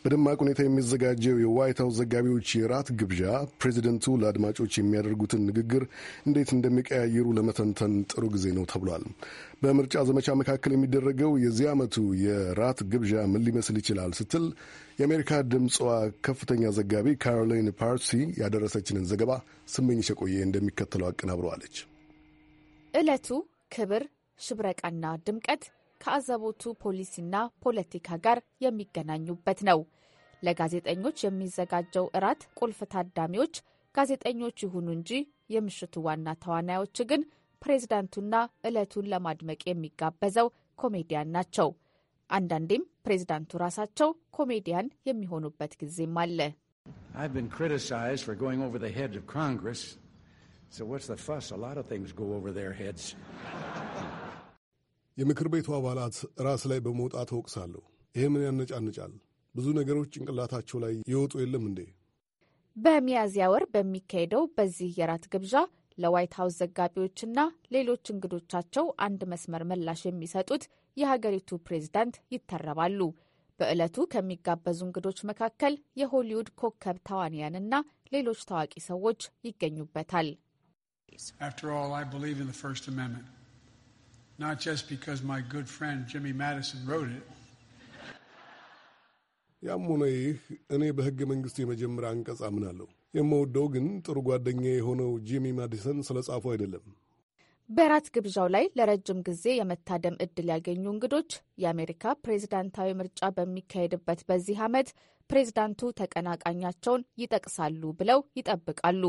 በደማቅ ሁኔታ የሚዘጋጀው የዋይት ሀውስ ዘጋቢዎች የራት ግብዣ ፕሬዚደንቱ ለአድማጮች የሚያደርጉትን ንግግር እንዴት እንደሚቀያየሩ ለመተንተን ጥሩ ጊዜ ነው ተብሏል። በምርጫ ዘመቻ መካከል የሚደረገው የዚህ ዓመቱ የራት ግብዣ ምን ሊመስል ይችላል ስትል የአሜሪካ ድምጿ ከፍተኛ ዘጋቢ ካሮላይን ፓርሲ ያደረሰችንን ዘገባ ስመኝሽ የቆየ እንደሚከተለው አቀናብረዋለች። ዕለቱ ክብር፣ ሽብረቃና ድምቀት ከአዘቦቱ ፖሊሲና ፖለቲካ ጋር የሚገናኙበት ነው። ለጋዜጠኞች የሚዘጋጀው እራት ቁልፍ ታዳሚዎች ጋዜጠኞች ይሁኑ እንጂ የምሽቱ ዋና ተዋናዮች ግን ፕሬዝዳንቱና ዕለቱን ለማድመቅ የሚጋበዘው ኮሜዲያን ናቸው። አንዳንዴም ፕሬዝዳንቱ ራሳቸው ኮሜዲያን የሚሆኑበት ጊዜም አለ። የምክር ቤቱ አባላት ራስ ላይ በመውጣት እወቅሳለሁ። ይህ ምን ያነጫንጫል? ብዙ ነገሮች ጭንቅላታቸው ላይ ይወጡ የለም እንዴ? በሚያዝያ ወር በሚካሄደው በዚህ የራት ግብዣ ለዋይት ሀውስ ዘጋቢዎችና ሌሎች እንግዶቻቸው አንድ መስመር ምላሽ የሚሰጡት የሀገሪቱ ፕሬዝዳንት ይተረባሉ። በዕለቱ ከሚጋበዙ እንግዶች መካከል የሆሊውድ ኮከብ ተዋንያንና ሌሎች ታዋቂ ሰዎች ይገኙበታል። ያም ሆነ ይህ እኔ በሕገ መንግስቱ የመጀመሪያ አንቀጽ አምናለሁ። የምወደው ግን ጥሩ ጓደኛ የሆነው ጂሚ ማዲሰን ስለ ጻፉ አይደለም። በራት ግብዣው ላይ ለረጅም ጊዜ የመታደም እድል ያገኙ እንግዶች የአሜሪካ ፕሬዝዳንታዊ ምርጫ በሚካሄድበት በዚህ ዓመት ፕሬዝዳንቱ ተቀናቃኛቸውን ይጠቅሳሉ ብለው ይጠብቃሉ።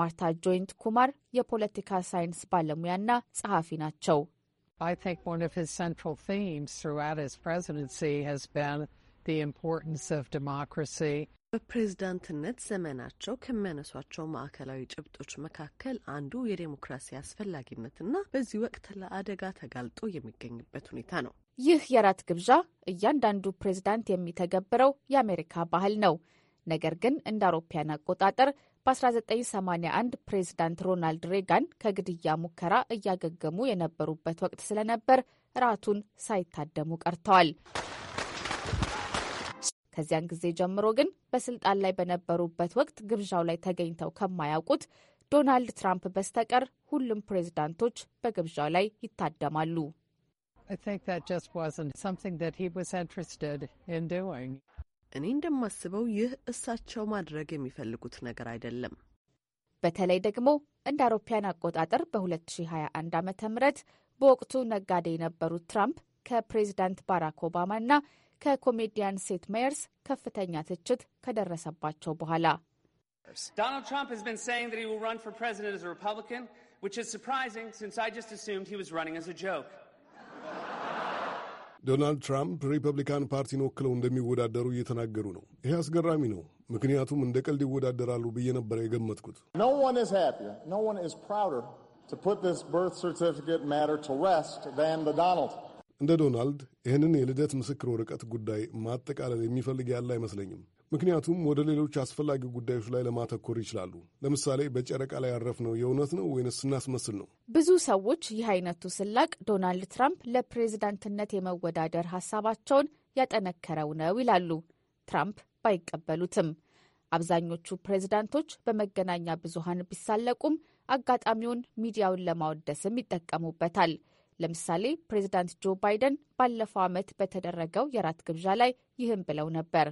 ማርታ ጆይንት ኩማር የፖለቲካ ሳይንስ ባለሙያና ጸሐፊ ናቸው። በፕሬዝዳንትነት ዘመናቸው ከሚያነሷቸው ማዕከላዊ ጭብጦች መካከል አንዱ የዴሞክራሲ አስፈላጊነትና በዚህ ወቅት ለአደጋ ተጋልጦ የሚገኝበት ሁኔታ ነው። ይህ የራት ግብዣ እያንዳንዱ ፕሬዝዳንት የሚተገብረው የአሜሪካ ባህል ነው። ነገር ግን እንደ አውሮፓያን አቆጣጠር በ1981 ፕሬዝዳንት ሮናልድ ሬጋን ከግድያ ሙከራ እያገገሙ የነበሩበት ወቅት ስለነበር ራቱን ሳይታደሙ ቀርተዋል። ከዚያን ጊዜ ጀምሮ ግን በስልጣን ላይ በነበሩበት ወቅት ግብዣው ላይ ተገኝተው ከማያውቁት ዶናልድ ትራምፕ በስተቀር ሁሉም ፕሬዝዳንቶች በግብዣው ላይ ይታደማሉ። እኔ እንደማስበው ይህ እሳቸው ማድረግ የሚፈልጉት ነገር አይደለም። በተለይ ደግሞ እንደ አውሮፓያን አቆጣጠር በ2021 ዓ ም በወቅቱ ነጋዴ የነበሩት ትራምፕ ከፕሬዝዳንት ባራክ ኦባማና ከኮሜዲያን ሴት ሜየርስ ከፍተኛ ትችት ከደረሰባቸው በኋላ ዶናልድ ትራምፕ ሪፐብሊካን ፓርቲን ወክለው እንደሚወዳደሩ እየተናገሩ ነው። ይሄ አስገራሚ ነው፣ ምክንያቱም እንደ ቀልድ ይወዳደራሉ ብዬ ነበረ የገመትኩት። ዶናልድ እንደ ዶናልድ ይህንን የልደት ምስክር ወረቀት ጉዳይ ማጠቃለል የሚፈልግ ያለ አይመስለኝም። ምክንያቱም ወደ ሌሎች አስፈላጊ ጉዳዮች ላይ ለማተኮር ይችላሉ። ለምሳሌ በጨረቃ ላይ ያረፍነው የእውነት ነው ወይንስ ስናስመስል ነው? ብዙ ሰዎች ይህ አይነቱ ስላቅ ዶናልድ ትራምፕ ለፕሬዝዳንትነት የመወዳደር ሀሳባቸውን ያጠነከረው ነው ይላሉ። ትራምፕ ባይቀበሉትም አብዛኞቹ ፕሬዝዳንቶች በመገናኛ ብዙሃን ቢሳለቁም አጋጣሚውን ሚዲያውን ለማወደስም ይጠቀሙበታል። ለምሳሌ ፕሬዚዳንት ጆ ባይደን ባለፈው ዓመት በተደረገው የራት ግብዣ ላይ ይህም ብለው ነበር።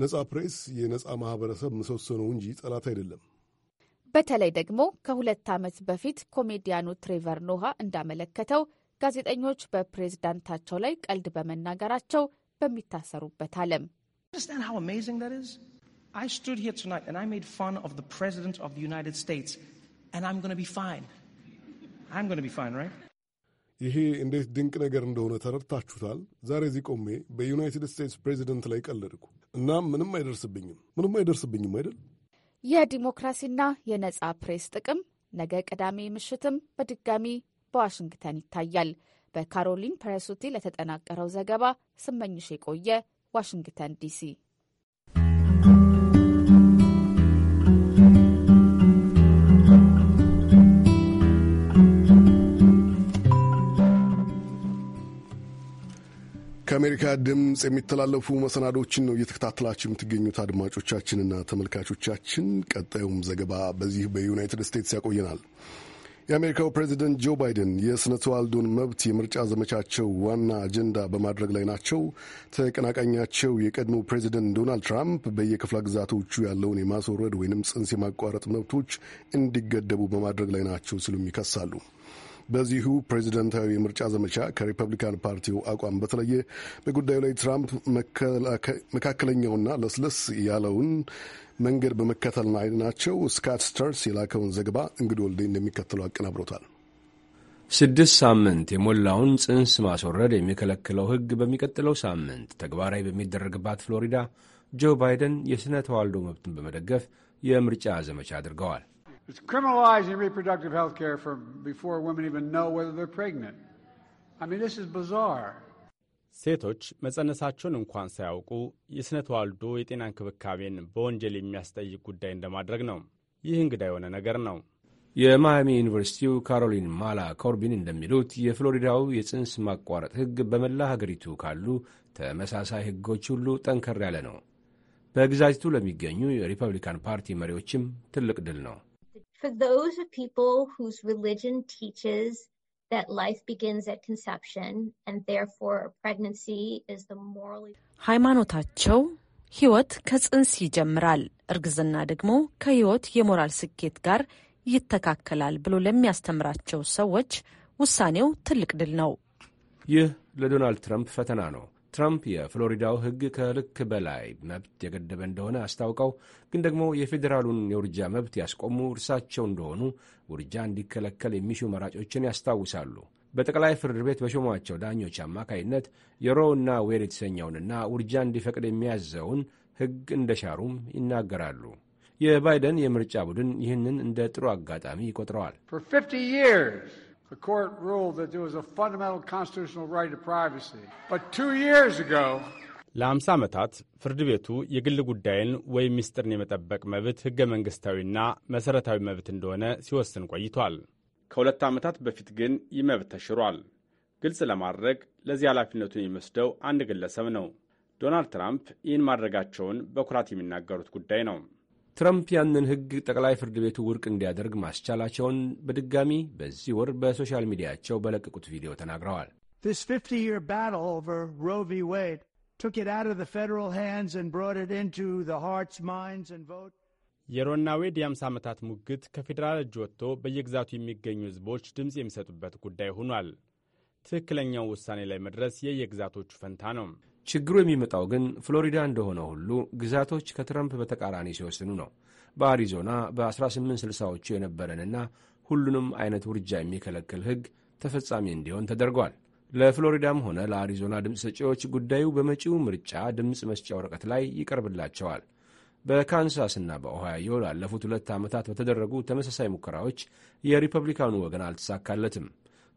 ነጻ ፕሬስ የነጻ ማህበረሰብ ምሰሶ ነው እንጂ ጠላት አይደለም። በተለይ ደግሞ ከሁለት ዓመት በፊት ኮሜዲያኑ ትሬቨር ኖሃ እንዳመለከተው ጋዜጠኞች በፕሬዝዳንታቸው ላይ ቀልድ በመናገራቸው በሚታሰሩበት ዓለም Understand how amazing that is? I stood here tonight and I made fun of the President of the United States, and I'm going to be fine. I'm going to be fine, right? ይሄ እንዴት ድንቅ ነገር እንደሆነ ተረድታችሁታል። ዛሬ እዚህ ቆሜ በዩናይትድ ስቴትስ ፕሬዚደንት ላይ ቀለድኩ እና ምንም አይደርስብኝም፣ ምንም አይደርስብኝም አይደል? የዲሞክራሲና የነጻ ፕሬስ ጥቅም ነገ ቅዳሜ ምሽትም በድጋሚ በዋሽንግተን ይታያል። በካሮሊን ፐረሱቲ ለተጠናቀረው ዘገባ ስመኝሽ የቆየ ዋሽንግተን ዲሲ። ከአሜሪካ ድምፅ የሚተላለፉ መሰናዶችን ነው እየተከታተላችሁ የምትገኙት አድማጮቻችንና ተመልካቾቻችን። ቀጣዩም ዘገባ በዚህ በዩናይትድ ስቴትስ ያቆየናል። የአሜሪካው ፕሬዚደንት ጆ ባይደን የሥነ ተዋልዶን መብት የምርጫ ዘመቻቸው ዋና አጀንዳ በማድረግ ላይ ናቸው። ተቀናቃኛቸው የቀድሞ ፕሬዚደንት ዶናልድ ትራምፕ በየክፍለ ግዛቶቹ ያለውን የማስወረድ ወይንም ጽንስ የማቋረጥ መብቶች እንዲገደቡ በማድረግ ላይ ናቸው ሲሉም ይከሳሉ። በዚሁ ፕሬዚደንታዊ ምርጫ ዘመቻ ከሪፐብሊካን ፓርቲው አቋም በተለየ በጉዳዩ ላይ ትራምፕ መካከለኛውና ለስለስ ያለውን መንገድ በመከተል ላይ ናቸው። ስካት ስተርስ የላከውን ዘገባ እንግዲህ ወልዴ እንደሚከተለው አቀናብሮታል። ስድስት ሳምንት የሞላውን ጽንስ ማስወረድ የሚከለክለው ሕግ በሚቀጥለው ሳምንት ተግባራዊ በሚደረግባት ፍሎሪዳ ጆ ባይደን የሥነ ተዋልዶ መብትን በመደገፍ የምርጫ ዘመቻ አድርገዋል። It's criminalizing reproductive health care for before women even know whether they're pregnant. I mean, this is bizarre. ሴቶች መጸነሳቸውን እንኳን ሳያውቁ የሥነ ተዋልዶ የጤና እንክብካቤን በወንጀል የሚያስጠይቅ ጉዳይ እንደማድረግ ነው። ይህ እንግዳ የሆነ ነገር ነው። የማያሚ ዩኒቨርሲቲው ካሮሊን ማላ ኮርቢን እንደሚሉት የፍሎሪዳው የጽንስ ማቋረጥ ሕግ በመላ ሀገሪቱ ካሉ ተመሳሳይ ሕጎች ሁሉ ጠንከር ያለ ነው። በግዛቲቱ ለሚገኙ የሪፐብሊካን ፓርቲ መሪዎችም ትልቅ ድል ነው። for those of people whose religion teaches that life begins at conception and therefore pregnancy is the morally ሃይማኖታቸው ህይወት ከጽንስ ይጀምራል፣ እርግዝና ደግሞ ከህይወት የሞራል ስኬት ጋር ይተካከላል ብሎ ለሚያስተምራቸው ሰዎች ውሳኔው ትልቅ ድል ነው። ይህ ለዶናልድ ትራምፕ ፈተና ነው። ትራምፕ የፍሎሪዳው ሕግ ከልክ በላይ መብት የገደበ እንደሆነ አስታውቀው ግን ደግሞ የፌዴራሉን የውርጃ መብት ያስቆሙ እርሳቸው እንደሆኑ ውርጃ እንዲከለከል የሚሹ መራጮችን ያስታውሳሉ። በጠቅላይ ፍርድ ቤት በሾሟቸው ዳኞች አማካይነት የሮውና ዌር የተሰኘውንና ውርጃ እንዲፈቅድ የሚያዘውን ሕግ እንደሻሩም ይናገራሉ። የባይደን የምርጫ ቡድን ይህንን እንደ ጥሩ አጋጣሚ ይቆጥረዋል። the court ruled that there was a fundamental constitutional right to privacy. But two years ago, ለአምሳ ዓመታት ፍርድ ቤቱ የግል ጉዳይን ወይም ምስጢርን የመጠበቅ መብት ሕገ መንግሥታዊና መሠረታዊ መብት እንደሆነ ሲወስን ቆይቷል። ከሁለት ዓመታት በፊት ግን ይህ መብት ተሽሯል። ግልጽ ለማድረግ ለዚህ ኃላፊነቱን የሚወስደው አንድ ግለሰብ ነው። ዶናልድ ትራምፕ ይህን ማድረጋቸውን በኩራት የሚናገሩት ጉዳይ ነው። ትራምፕ ያንን ሕግ ጠቅላይ ፍርድ ቤቱ ውድቅ እንዲያደርግ ማስቻላቸውን በድጋሚ በዚህ ወር በሶሻል ሚዲያቸው በለቀቁት ቪዲዮ ተናግረዋል። የሮና ዌድ የ50 ዓመታት ሙግት ከፌዴራል እጅ ወጥቶ በየግዛቱ የሚገኙ ሕዝቦች ድምፅ የሚሰጡበት ጉዳይ ሆኗል። ትክክለኛው ውሳኔ ላይ መድረስ የየግዛቶቹ ፈንታ ነው። ችግሩ የሚመጣው ግን ፍሎሪዳ እንደሆነ ሁሉ ግዛቶች ከትረምፕ በተቃራኒ ሲወስኑ ነው። በአሪዞና በ1860ዎቹ የነበረንና ሁሉንም አይነት ውርጃ የሚከለክል ሕግ ተፈጻሚ እንዲሆን ተደርጓል። ለፍሎሪዳም ሆነ ለአሪዞና ድምፅ ሰጪዎች ጉዳዩ በመጪው ምርጫ ድምፅ መስጫ ወረቀት ላይ ይቀርብላቸዋል። በካንሳስና በኦሃዮ ላለፉት ሁለት ዓመታት በተደረጉ ተመሳሳይ ሙከራዎች የሪፐብሊካኑ ወገን አልተሳካለትም።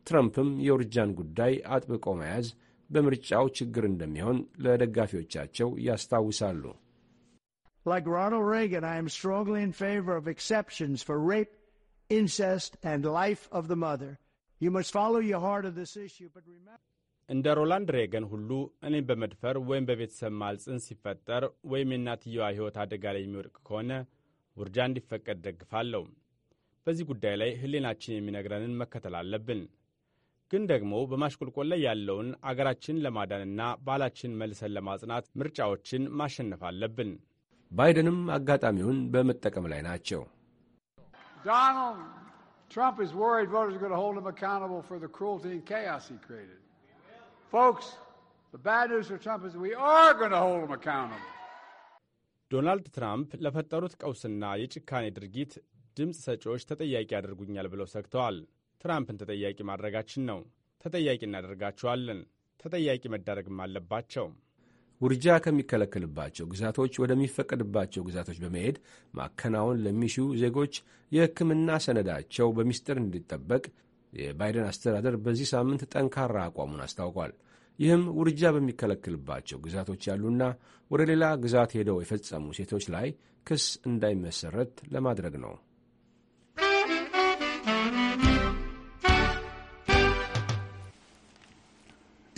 ትረምፕም የውርጃን ጉዳይ አጥብቆ መያዝ በምርጫው ችግር እንደሚሆን ለደጋፊዎቻቸው ያስታውሳሉ። Like Ronald Reagan, I am strongly in favor of exceptions for rape, incest, and life of the mother. You must follow your heart of this issue, but remember... እንደ ሮላንድ ሬገን ሁሉ እኔም በመድፈር ወይም በቤተሰብ መሃል ሲፈጠር ወይም የእናትየዋ ሕይወት አደጋ ላይ የሚወድቅ ከሆነ ውርጃ እንዲፈቀድ ደግፋለሁ። በዚህ ጉዳይ ላይ ሕሊናችን የሚነግረንን መከተል አለብን። ግን ደግሞ በማሽቆልቆል ላይ ያለውን አገራችን ለማዳንና ባህላችን መልሰን ለማጽናት ምርጫዎችን ማሸነፍ አለብን። ባይደንም አጋጣሚውን በመጠቀም ላይ ናቸው። ዶናልድ ትራምፕ ለፈጠሩት ቀውስና የጭካኔ ድርጊት ድምፅ ሰጪዎች ተጠያቂ ያደርጉኛል ብለው ሰግተዋል። ትራምፕን ተጠያቂ ማድረጋችን ነው። ተጠያቂ እናደርጋቸዋለን። ተጠያቂ መዳረግም አለባቸው። ውርጃ ከሚከለከልባቸው ግዛቶች ወደሚፈቀድባቸው ግዛቶች በመሄድ ማከናወን ለሚሹ ዜጎች የሕክምና ሰነዳቸው በሚስጥር እንዲጠበቅ የባይደን አስተዳደር በዚህ ሳምንት ጠንካራ አቋሙን አስታውቋል። ይህም ውርጃ በሚከለክልባቸው ግዛቶች ያሉና ወደ ሌላ ግዛት ሄደው የፈጸሙ ሴቶች ላይ ክስ እንዳይመሰረት ለማድረግ ነው።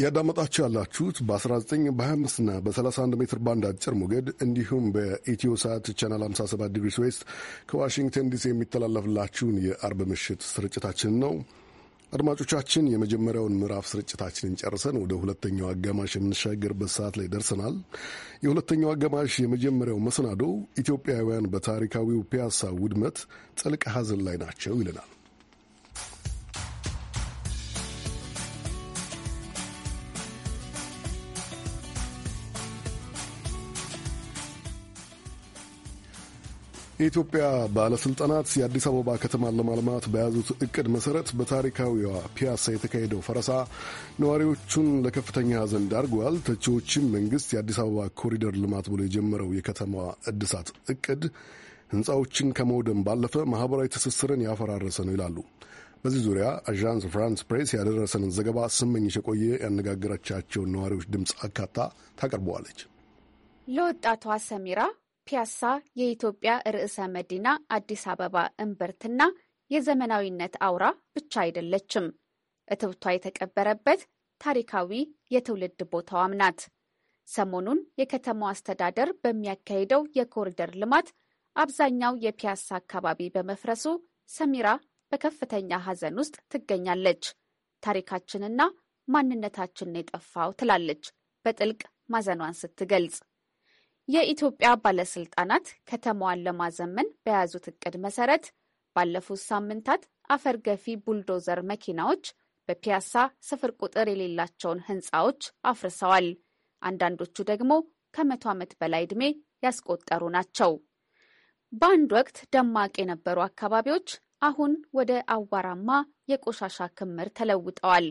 ያዳመጣችሁ ያላችሁት በ19 በ25ና በ31 ሜትር ባንድ አጭር ሞገድ እንዲሁም በኢትዮ ሰዓት ቻናል 57 ዲግሪ ስዌስት ከዋሽንግተን ዲሲ የሚተላለፍላችሁን የአርብ ምሽት ስርጭታችን ነው። አድማጮቻችን የመጀመሪያውን ምዕራፍ ስርጭታችንን ጨርሰን ወደ ሁለተኛው አጋማሽ የምንሻገርበት ሰዓት ላይ ደርሰናል። የሁለተኛው አጋማሽ የመጀመሪያው መሰናዶ ኢትዮጵያውያን በታሪካዊው ፒያሳ ውድመት ጥልቅ ሐዘን ላይ ናቸው ይለናል። የኢትዮጵያ ባለስልጣናት የአዲስ አበባ ከተማን ለማልማት በያዙት እቅድ መሰረት በታሪካዊዋ ፒያሳ የተካሄደው ፈረሳ ነዋሪዎቹን ለከፍተኛ ሐዘን ዳርጓል። ተቺዎችም መንግስት የአዲስ አበባ ኮሪደር ልማት ብሎ የጀመረው የከተማዋ እድሳት እቅድ ህንፃዎችን ከመውደም ባለፈ ማህበራዊ ትስስርን ያፈራረሰ ነው ይላሉ። በዚህ ዙሪያ አዣንስ ፍራንስ ፕሬስ ያደረሰንን ዘገባ ስመኝሽ የቆየ ያነጋገረቻቸውን ነዋሪዎች ድምፅ አካታ ታቀርበዋለች። ለወጣቷ ሰሚራ ፒያሳ የኢትዮጵያ ርዕሰ መዲና አዲስ አበባ እምብርትና የዘመናዊነት አውራ ብቻ አይደለችም። እትብቷ የተቀበረበት ታሪካዊ የትውልድ ቦታዋም ናት። ሰሞኑን የከተማው አስተዳደር በሚያካሂደው የኮሪደር ልማት አብዛኛው የፒያሳ አካባቢ በመፍረሱ ሰሚራ በከፍተኛ ሐዘን ውስጥ ትገኛለች። ታሪካችንና ማንነታችንን የጠፋው ትላለች በጥልቅ ማዘኗን ስትገልጽ የኢትዮጵያ ባለስልጣናት ከተማዋን ለማዘመን በያዙት እቅድ መሰረት ባለፉት ሳምንታት አፈር ገፊ ቡልዶዘር መኪናዎች በፒያሳ ስፍር ቁጥር የሌላቸውን ህንፃዎች አፍርሰዋል። አንዳንዶቹ ደግሞ ከመቶ ዓመት በላይ ዕድሜ ያስቆጠሩ ናቸው። በአንድ ወቅት ደማቅ የነበሩ አካባቢዎች አሁን ወደ አዋራማ የቆሻሻ ክምር ተለውጠዋል።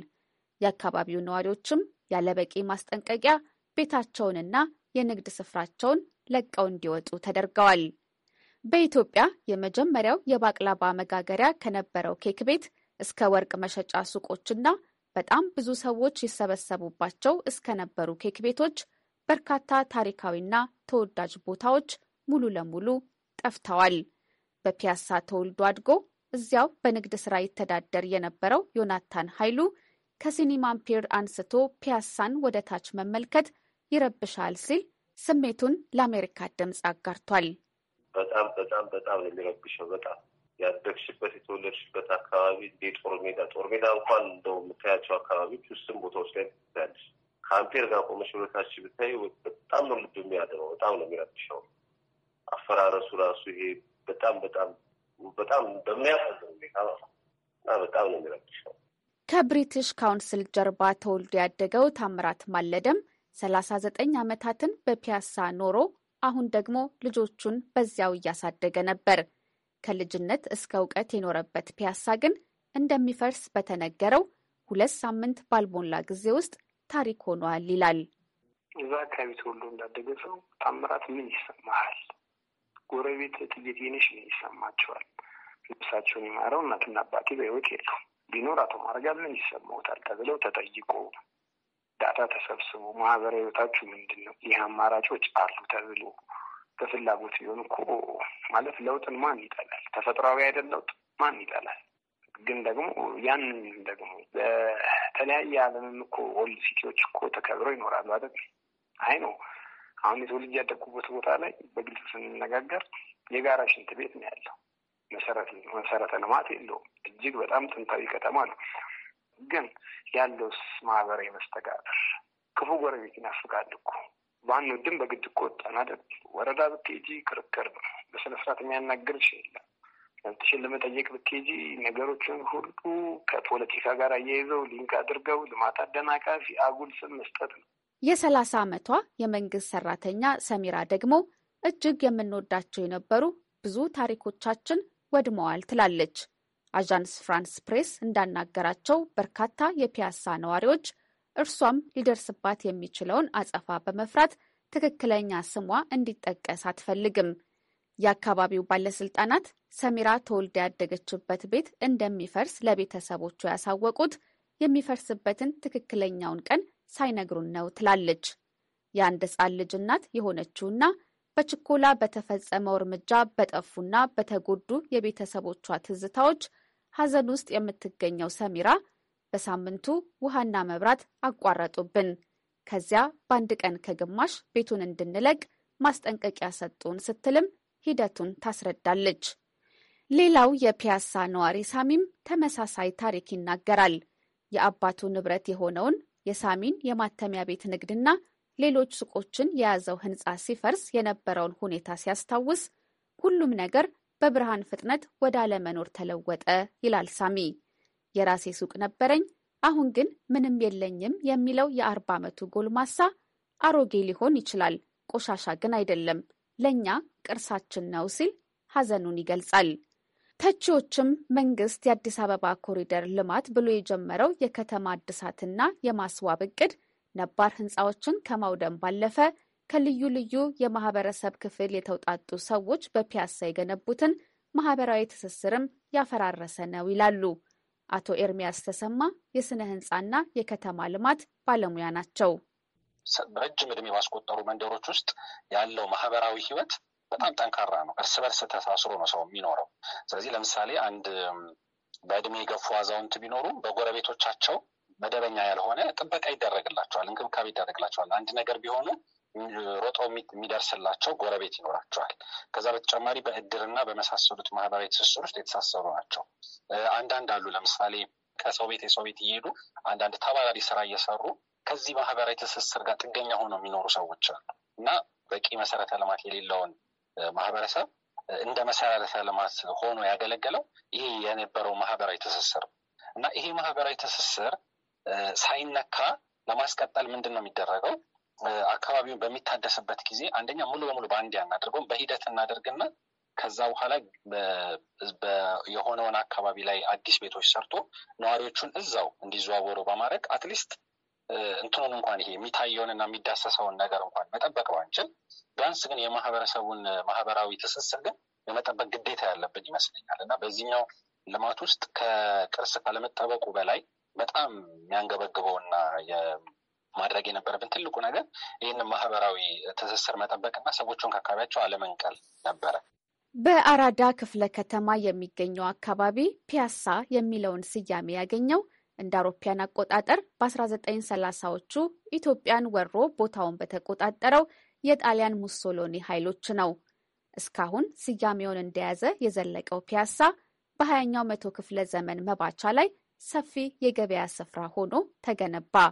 የአካባቢው ነዋሪዎችም ያለበቂ ማስጠንቀቂያ ቤታቸውንና የንግድ ስፍራቸውን ለቀው እንዲወጡ ተደርገዋል። በኢትዮጵያ የመጀመሪያው የባቅላባ መጋገሪያ ከነበረው ኬክ ቤት እስከ ወርቅ መሸጫ ሱቆችና በጣም ብዙ ሰዎች ይሰበሰቡባቸው እስከነበሩ ኬክ ቤቶች በርካታ ታሪካዊና ተወዳጅ ቦታዎች ሙሉ ለሙሉ ጠፍተዋል። በፒያሳ ተወልዶ አድጎ እዚያው በንግድ ሥራ ይተዳደር የነበረው ዮናታን ኃይሉ ከሲኒማ አንስቶ ፒያሳን ወደ ታች መመልከት ይረብሻል ሲል ስሜቱን ለአሜሪካ ድምፅ አጋርቷል። በጣም በጣም በጣም ነው የሚረብሸው። በጣም ያደግሽበት የተወለድሽበት አካባቢ እንደ ጦር ሜዳ ጦር ሜዳ እንኳን እንደው የምታያቸው አካባቢዎች ውስን ቦታዎች ላይ ትታያለሽ። ከአምፔር ጋር ቆመሽ ሁለታች ብታይ በጣም ነው ልብ የሚያደረው። በጣም ነው የሚረብሸው። አፈራረሱ ራሱ ይሄ በጣም በጣም በጣም በሚያሳዝን ሁኔታ እና በጣም ነው የሚረብሸው። ከብሪቲሽ ካውንስል ጀርባ ተወልዶ ያደገው ታምራት ማለደም 39 ዓመታትን በፒያሳ ኖሮ አሁን ደግሞ ልጆቹን በዚያው እያሳደገ ነበር። ከልጅነት እስከ እውቀት የኖረበት ፒያሳ ግን እንደሚፈርስ በተነገረው ሁለት ሳምንት ባልሞላ ጊዜ ውስጥ ታሪክ ሆኗል ይላል። እዛ አካባቢ ተወልዶ እንዳደገ ሰው ታምራት ምን ይሰማሃል? ጎረቤት እትዬ ጤነሽ ምን ይሰማቸዋል? ልብሳቸውን የማረው እናትና አባቴ በሕይወት የሉም ቢኖር አቶ ማረጋ ምን ይሰማውታል? ተብለው ተጠይቆ እርዳታ ተሰብስቦ ማህበራዊ ህይወታችሁ ምንድን ነው? ይህ አማራጮች አሉ ተብሎ በፍላጎት ቢሆን እኮ ማለት ለውጥን ማን ይጠላል? ተፈጥሯዊ አይደል ለውጥ ማን ይጠላል? ግን ደግሞ ያንን ደግሞ በተለያየ ዓለምም እኮ ኦልድ ሲቲዎች እኮ ተከብረው ይኖራሉ አይደል? አይ ነው አሁን የሰው ልጅ ያደጉበት ቦታ ላይ በግልጽ ስንነጋገር የጋራ ሽንት ቤት ነው ያለው። መሰረተ ልማት የለውም። እጅግ በጣም ጥንታዊ ከተማ ነው። ግን ያለውስ ማህበራዊ መስተጋብር ክፉ ጎረቤት ይናፍቃል እኮ ባንወድም በግድ ቆጣን አይደል? ወረዳ ብትሄጂ ክርክር ነው። በስነ ስርዓት የሚያናግርሽ የለም። መብትሽን ለመጠየቅ ብትሄጂ ነገሮችን ሁሉ ከፖለቲካ ጋር አያይዘው ሊንክ አድርገው ልማት አደናቃፊ አጉል ስም መስጠት ነው። የሰላሳ ዓመቷ የመንግስት ሰራተኛ ሰሚራ ደግሞ እጅግ የምንወዳቸው የነበሩ ብዙ ታሪኮቻችን ወድመዋል ትላለች። አዣንስ ፍራንስ ፕሬስ እንዳናገራቸው በርካታ የፒያሳ ነዋሪዎች እርሷም ሊደርስባት የሚችለውን አጸፋ በመፍራት ትክክለኛ ስሟ እንዲጠቀስ አትፈልግም። የአካባቢው ባለስልጣናት ሰሚራ ተወልዳ ያደገችበት ቤት እንደሚፈርስ ለቤተሰቦቹ ያሳወቁት የሚፈርስበትን ትክክለኛውን ቀን ሳይነግሩን ነው ትላለች። የአንድ ህጻን ልጅ እናት የሆነችውና በችኮላ በተፈጸመው እርምጃ በጠፉና በተጎዱ የቤተሰቦቿ ትዝታዎች ሐዘን ውስጥ የምትገኘው ሰሚራ በሳምንቱ ውሃና መብራት አቋረጡብን፣ ከዚያ በአንድ ቀን ከግማሽ ቤቱን እንድንለቅ ማስጠንቀቂያ ሰጡን ስትልም ሂደቱን ታስረዳለች። ሌላው የፒያሳ ነዋሪ ሳሚም ተመሳሳይ ታሪክ ይናገራል። የአባቱ ንብረት የሆነውን የሳሚን የማተሚያ ቤት ንግድና ሌሎች ሱቆችን የያዘው ሕንፃ ሲፈርስ የነበረውን ሁኔታ ሲያስታውስ ሁሉም ነገር በብርሃን ፍጥነት ወደ አለመኖር ተለወጠ ይላል ሳሚ። የራሴ ሱቅ ነበረኝ፣ አሁን ግን ምንም የለኝም የሚለው የአርባ ዓመቱ ጎልማሳ አሮጌ ሊሆን ይችላል፣ ቆሻሻ ግን አይደለም፣ ለእኛ ቅርሳችን ነው ሲል ሐዘኑን ይገልጻል። ተቺዎችም መንግስት የአዲስ አበባ ኮሪደር ልማት ብሎ የጀመረው የከተማ እድሳትና የማስዋብ እቅድ ነባር ህንፃዎችን ከማውደም ባለፈ ከልዩ ልዩ የማህበረሰብ ክፍል የተውጣጡ ሰዎች በፒያሳ የገነቡትን ማህበራዊ ትስስርም ያፈራረሰ ነው ይላሉ። አቶ ኤርሚያስ ተሰማ የስነ ህንፃና የከተማ ልማት ባለሙያ ናቸው። በረጅም ዕድሜ ባስቆጠሩ መንደሮች ውስጥ ያለው ማህበራዊ ህይወት በጣም ጠንካራ ነው። እርስ በርስ ተሳስሮ ነው ሰው የሚኖረው። ስለዚህ ለምሳሌ አንድ በእድሜ የገፉ አዛውንት ቢኖሩ በጎረቤቶቻቸው መደበኛ ያልሆነ ጥበቃ ይደረግላቸዋል፣ እንክብካቤ ይደረግላቸዋል። አንድ ነገር ቢሆኑ ሮጦ የሚደርስላቸው ጎረቤት ይኖራቸዋል። ከዛ በተጨማሪ በእድርና በመሳሰሉት ማህበራዊ ትስስር ውስጥ የተሳሰሩ ናቸው። አንዳንድ አሉ። ለምሳሌ ከሰው ቤት የሰው ቤት እየሄዱ አንዳንድ ተባራሪ ስራ እየሰሩ ከዚህ ማህበራዊ ትስስር ጋር ጥገኛ ሆነው የሚኖሩ ሰዎች አሉ እና በቂ መሰረተ ልማት የሌለውን ማህበረሰብ እንደ መሰረተ ልማት ሆኖ ያገለገለው ይሄ የነበረው ማህበራዊ ትስስር ነው እና ይሄ ማህበራዊ ትስስር ሳይነካ ለማስቀጠል ምንድን ነው የሚደረገው? አካባቢውን በሚታደስበት ጊዜ አንደኛ ሙሉ በሙሉ በአንድ አናደርገውም፣ በሂደት እናደርግና ከዛ በኋላ የሆነውን አካባቢ ላይ አዲስ ቤቶች ሰርቶ ነዋሪዎቹን እዛው እንዲዘዋወሩ በማድረግ አትሊስት እንትኑን እንኳን ይሄ የሚታየውንና የሚዳሰሰውን ነገር እንኳን መጠበቅ ባንችል ቢያንስ ግን የማህበረሰቡን ማህበራዊ ትስስር ግን የመጠበቅ ግዴታ ያለብን ይመስለኛል እና በዚህኛው ልማት ውስጥ ከቅርስ ካለመጠበቁ በላይ በጣም የሚያንገበግበውና ማድረግ የነበረብን ትልቁ ነገር ይህንን ማህበራዊ ትስስር መጠበቅና ሰዎቹን ከአካባቢያቸው አለመንቀል ነበረ። በአራዳ ክፍለ ከተማ የሚገኘው አካባቢ ፒያሳ የሚለውን ስያሜ ያገኘው እንደ አውሮፓያን አቆጣጠር በ1930ዎቹ ኢትዮጵያን ወሮ ቦታውን በተቆጣጠረው የጣሊያን ሙሶሎኒ ኃይሎች ነው። እስካሁን ስያሜውን እንደያዘ የዘለቀው ፒያሳ በ20ኛው መቶ ክፍለ ዘመን መባቻ ላይ ሰፊ የገበያ ስፍራ ሆኖ ተገነባ።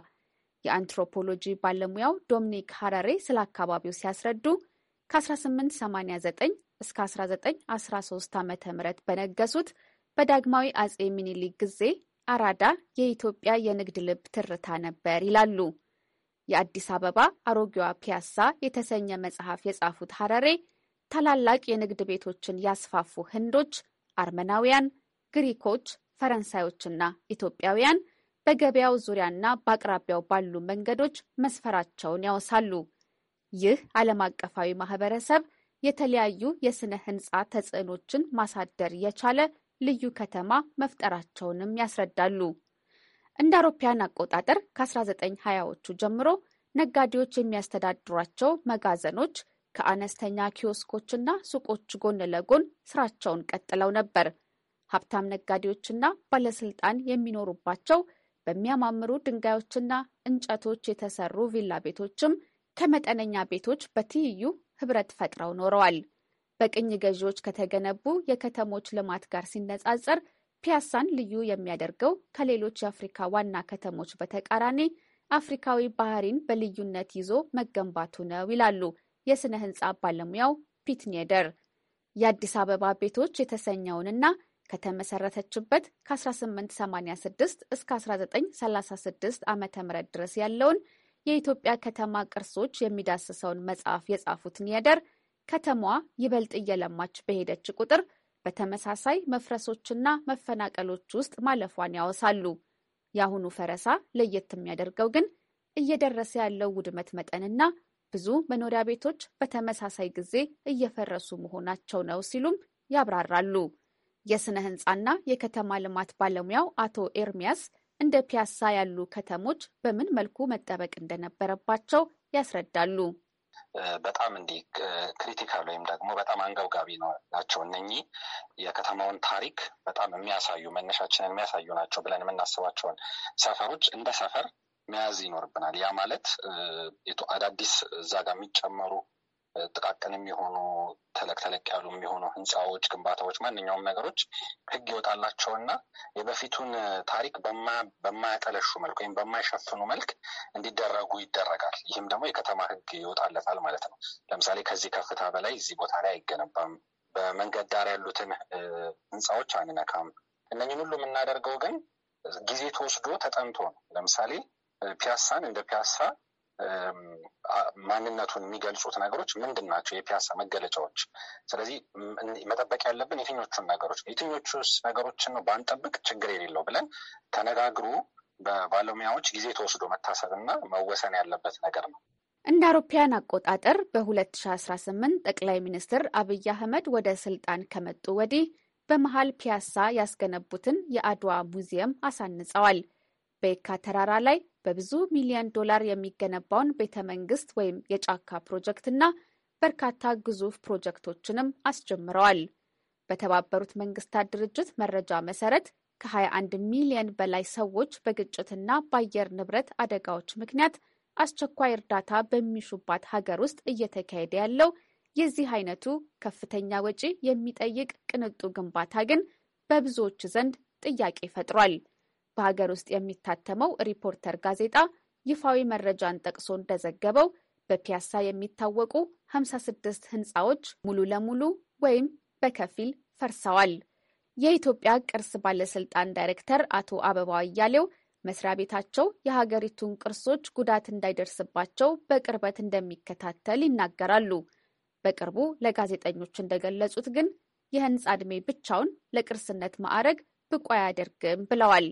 የአንትሮፖሎጂ ባለሙያው ዶሚኒክ ሀራሬ ስለ አካባቢው ሲያስረዱ ከ1889 እስከ 1913 ዓ ም በነገሱት በዳግማዊ አጼ ሚኒሊክ ጊዜ አራዳ የኢትዮጵያ የንግድ ልብ ትርታ ነበር ይላሉ። የአዲስ አበባ አሮጌዋ ፒያሳ የተሰኘ መጽሐፍ የጻፉት ሀራሬ ታላላቅ የንግድ ቤቶችን ያስፋፉ ህንዶች፣ አርመናውያን፣ ግሪኮች፣ ፈረንሳዮችና ኢትዮጵያውያን በገበያው ዙሪያና በአቅራቢያው ባሉ መንገዶች መስፈራቸውን ያወሳሉ። ይህ ዓለም አቀፋዊ ማህበረሰብ የተለያዩ የሥነ-ሕንፃ ተጽዕኖችን ማሳደር የቻለ ልዩ ከተማ መፍጠራቸውንም ያስረዳሉ። እንደ አውሮፓውያን አቆጣጠር ከ1920ዎቹ ጀምሮ ነጋዴዎች የሚያስተዳድሯቸው መጋዘኖች ከአነስተኛ ኪዮስኮችና ሱቆች ጎን ለጎን ስራቸውን ቀጥለው ነበር። ሀብታም ነጋዴዎችና ባለስልጣን የሚኖሩባቸው በሚያማምሩ ድንጋዮችና እንጨቶች የተሰሩ ቪላ ቤቶችም ከመጠነኛ ቤቶች በትይዩ ህብረት ፈጥረው ኖረዋል። በቅኝ ገዢዎች ከተገነቡ የከተሞች ልማት ጋር ሲነጻጸር ፒያሳን ልዩ የሚያደርገው ከሌሎች የአፍሪካ ዋና ከተሞች በተቃራኒ አፍሪካዊ ባህሪን በልዩነት ይዞ መገንባቱ ነው ይላሉ የሥነ ሕንፃ ባለሙያው ፒትኔደር። የአዲስ አበባ ቤቶች የተሰኘውንና ከተመሰረተችበት ከ1886 እስከ 1936 ዓ ም ድረስ ያለውን የኢትዮጵያ ከተማ ቅርሶች የሚዳስሰውን መጽሐፍ የጻፉት ኒያደር ከተማዋ ይበልጥ እየለማች በሄደች ቁጥር በተመሳሳይ መፍረሶችና መፈናቀሎች ውስጥ ማለፏን ያወሳሉ። የአሁኑ ፈረሳ ለየት የሚያደርገው ግን እየደረሰ ያለው ውድመት መጠንና ብዙ መኖሪያ ቤቶች በተመሳሳይ ጊዜ እየፈረሱ መሆናቸው ነው ሲሉም ያብራራሉ። የስነ ህንፃና የከተማ ልማት ባለሙያው አቶ ኤርሚያስ እንደ ፒያሳ ያሉ ከተሞች በምን መልኩ መጠበቅ እንደነበረባቸው ያስረዳሉ። በጣም እንዲህ ክሪቲካል ወይም ደግሞ በጣም አንገብጋቢ ናቸው። እነኚህ የከተማውን ታሪክ በጣም የሚያሳዩ መነሻችንን የሚያሳዩ ናቸው ብለን የምናስባቸውን ሰፈሮች እንደ ሰፈር መያዝ ይኖርብናል። ያ ማለት አዳዲስ እዛ ጋር የሚጨመሩ ጥቃቅን የሚሆኑ ተለቅ ተለቅ ያሉ የሚሆኑ ህንፃዎች፣ ግንባታዎች፣ ማንኛውም ነገሮች ህግ ይወጣላቸው ና የበፊቱን ታሪክ በማያጠለሹ መልክ ወይም በማይሸፍኑ መልክ እንዲደረጉ ይደረጋል። ይህም ደግሞ የከተማ ህግ ይወጣለታል ማለት ነው። ለምሳሌ ከዚህ ከፍታ በላይ እዚህ ቦታ ላይ አይገነባም፣ በመንገድ ዳር ያሉትን ህንፃዎች አንነካም። እነኝን ሁሉ የምናደርገው ግን ጊዜ ተወስዶ ተጠንቶ ነው። ለምሳሌ ፒያሳን እንደ ፒያሳ ማንነቱን የሚገልጹት ነገሮች ምንድን ናቸው? የፒያሳ መገለጫዎች። ስለዚህ መጠበቅ ያለብን የትኞቹን ነገሮች የትኞቹ ነገሮችን ነው ባንጠብቅ ችግር የሌለው ብለን ተነጋግሮ በባለሙያዎች ጊዜ ተወስዶ መታሰብና መወሰን ያለበት ነገር ነው። እንደ አውሮፓውያን አቆጣጠር በ2018 ጠቅላይ ሚኒስትር አብይ አህመድ ወደ ስልጣን ከመጡ ወዲህ በመሀል ፒያሳ ያስገነቡትን የአድዋ ሙዚየም አሳንጸዋል። በየካ ተራራ ላይ በብዙ ሚሊዮን ዶላር የሚገነባውን ቤተ መንግስት ወይም የጫካ ፕሮጀክትና በርካታ ግዙፍ ፕሮጀክቶችንም አስጀምረዋል። በተባበሩት መንግስታት ድርጅት መረጃ መሰረት ከ21 ሚሊዮን በላይ ሰዎች በግጭትና በአየር ንብረት አደጋዎች ምክንያት አስቸኳይ እርዳታ በሚሹባት ሀገር ውስጥ እየተካሄደ ያለው የዚህ አይነቱ ከፍተኛ ወጪ የሚጠይቅ ቅንጡ ግንባታ ግን በብዙዎች ዘንድ ጥያቄ ፈጥሯል። በሀገር ውስጥ የሚታተመው ሪፖርተር ጋዜጣ ይፋዊ መረጃን ጠቅሶ እንደዘገበው በፒያሳ የሚታወቁ 56 ህንፃዎች ሙሉ ለሙሉ ወይም በከፊል ፈርሰዋል። የኢትዮጵያ ቅርስ ባለስልጣን ዳይሬክተር አቶ አበባ አያሌው መስሪያ ቤታቸው የሀገሪቱን ቅርሶች ጉዳት እንዳይደርስባቸው በቅርበት እንደሚከታተል ይናገራሉ። በቅርቡ ለጋዜጠኞች እንደገለጹት ግን የህንፃ ዕድሜ ብቻውን ለቅርስነት ማዕረግ ብቁ አያደርግም ብለዋል።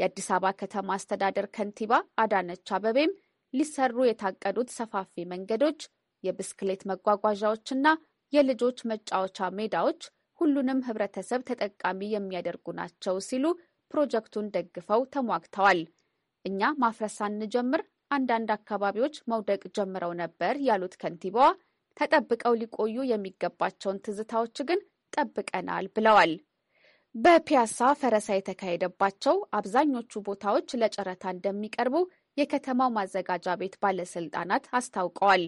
የአዲስ አበባ ከተማ አስተዳደር ከንቲባ አዳነች አበቤም ሊሰሩ የታቀዱት ሰፋፊ መንገዶች፣ የብስክሌት መጓጓዣዎችና የልጆች መጫወቻ ሜዳዎች ሁሉንም ህብረተሰብ ተጠቃሚ የሚያደርጉ ናቸው ሲሉ ፕሮጀክቱን ደግፈው ተሟግተዋል። እኛ ማፍረስ ሳንጀምር አንዳንድ አካባቢዎች መውደቅ ጀምረው ነበር ያሉት ከንቲባዋ ተጠብቀው ሊቆዩ የሚገባቸውን ትዝታዎች ግን ጠብቀናል ብለዋል። በፒያሳ ፈረሳ የተካሄደባቸው አብዛኞቹ ቦታዎች ለጨረታ እንደሚቀርቡ የከተማው ማዘጋጃ ቤት ባለስልጣናት አስታውቀዋል።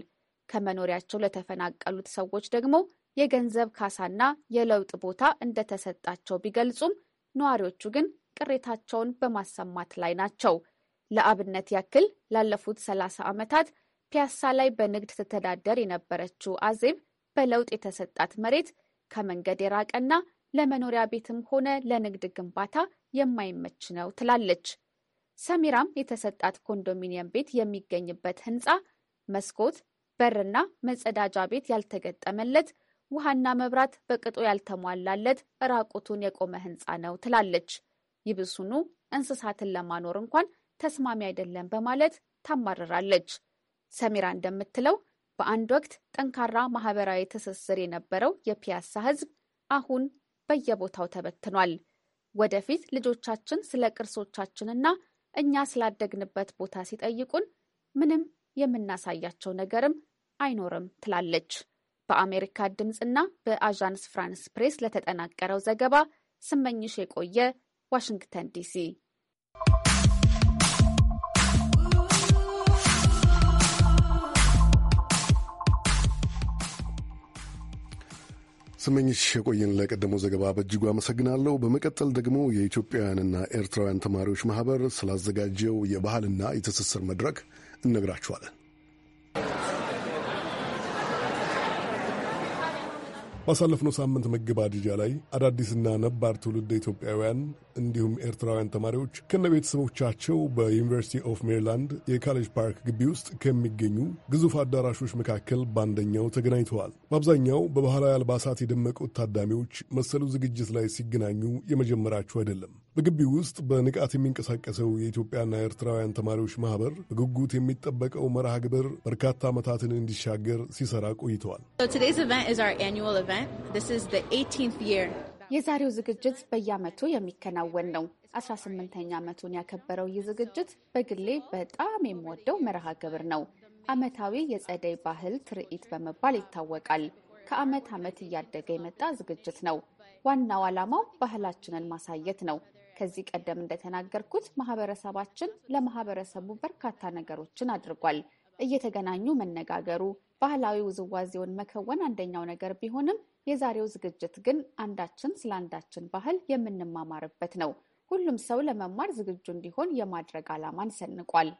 ከመኖሪያቸው ለተፈናቀሉት ሰዎች ደግሞ የገንዘብ ካሳና የለውጥ ቦታ እንደተሰጣቸው ቢገልጹም ነዋሪዎቹ ግን ቅሬታቸውን በማሰማት ላይ ናቸው። ለአብነት ያክል ላለፉት 30 ዓመታት ፒያሳ ላይ በንግድ ስትተዳደር የነበረችው አዜብ በለውጥ የተሰጣት መሬት ከመንገድ የራቀና ለመኖሪያ ቤትም ሆነ ለንግድ ግንባታ የማይመች ነው ትላለች። ሰሚራም የተሰጣት ኮንዶሚኒየም ቤት የሚገኝበት ህንፃ መስኮት፣ በርና መጸዳጃ ቤት ያልተገጠመለት፣ ውሃና መብራት በቅጡ ያልተሟላለት ራቁቱን የቆመ ህንፃ ነው ትላለች። ይብሱኑ እንስሳትን ለማኖር እንኳን ተስማሚ አይደለም በማለት ታማርራለች። ሰሚራ እንደምትለው በአንድ ወቅት ጠንካራ ማህበራዊ ትስስር የነበረው የፒያሳ ህዝብ አሁን በየቦታው ተበትኗል። ወደፊት ልጆቻችን ስለ ቅርሶቻችንና እኛ ስላደግንበት ቦታ ሲጠይቁን ምንም የምናሳያቸው ነገርም አይኖርም ትላለች። በአሜሪካ ድምፅና በአዣንስ ፍራንስ ፕሬስ ለተጠናቀረው ዘገባ ስመኝሽ የቆየ ዋሽንግተን ዲሲ ስመኝሽ የቆየን ለቀደመው ዘገባ በእጅጉ አመሰግናለሁ። በመቀጠል ደግሞ የኢትዮጵያውያንና ኤርትራውያን ተማሪዎች ማህበር ስላዘጋጀው የባህልና የትስስር መድረክ እነግራችኋለን። ባሳለፍነው ሳምንት መገባደጃ ላይ አዳዲስና ነባር ትውልድ ኢትዮጵያውያን እንዲሁም ኤርትራውያን ተማሪዎች ከነ ቤተሰቦቻቸው በዩኒቨርሲቲ ኦፍ ሜሪላንድ የካሌጅ ፓርክ ግቢ ውስጥ ከሚገኙ ግዙፍ አዳራሾች መካከል በአንደኛው ተገናኝተዋል። በአብዛኛው በባህላዊ አልባሳት የደመቁት ታዳሚዎች መሰሉ ዝግጅት ላይ ሲገናኙ የመጀመራቸው አይደለም። በግቢው ውስጥ በንቃት የሚንቀሳቀሰው የኢትዮጵያና ኤርትራውያን ተማሪዎች ማህበር በጉጉት የሚጠበቀው መርሃ ግብር በርካታ ዓመታትን እንዲሻገር ሲሰራ ቆይተዋል። የዛሬው ዝግጅት በየዓመቱ የሚከናወን ነው። 18ኛ ዓመቱን ያከበረው ይህ ዝግጅት በግሌ በጣም የምወደው መርሃ ግብር ነው። ዓመታዊ የጸደይ ባህል ትርኢት በመባል ይታወቃል። ከዓመት ዓመት እያደገ የመጣ ዝግጅት ነው። ዋናው ዓላማው ባህላችንን ማሳየት ነው። ከዚህ ቀደም እንደተናገርኩት ማህበረሰባችን ለማህበረሰቡ በርካታ ነገሮችን አድርጓል። እየተገናኙ መነጋገሩ፣ ባህላዊ ውዝዋዜውን መከወን አንደኛው ነገር ቢሆንም የዛሬው ዝግጅት ግን አንዳችን ስለ አንዳችን ባህል የምንማማርበት ነው። ሁሉም ሰው ለመማር ዝግጁ እንዲሆን የማድረግ ዓላማን ሰንቋል።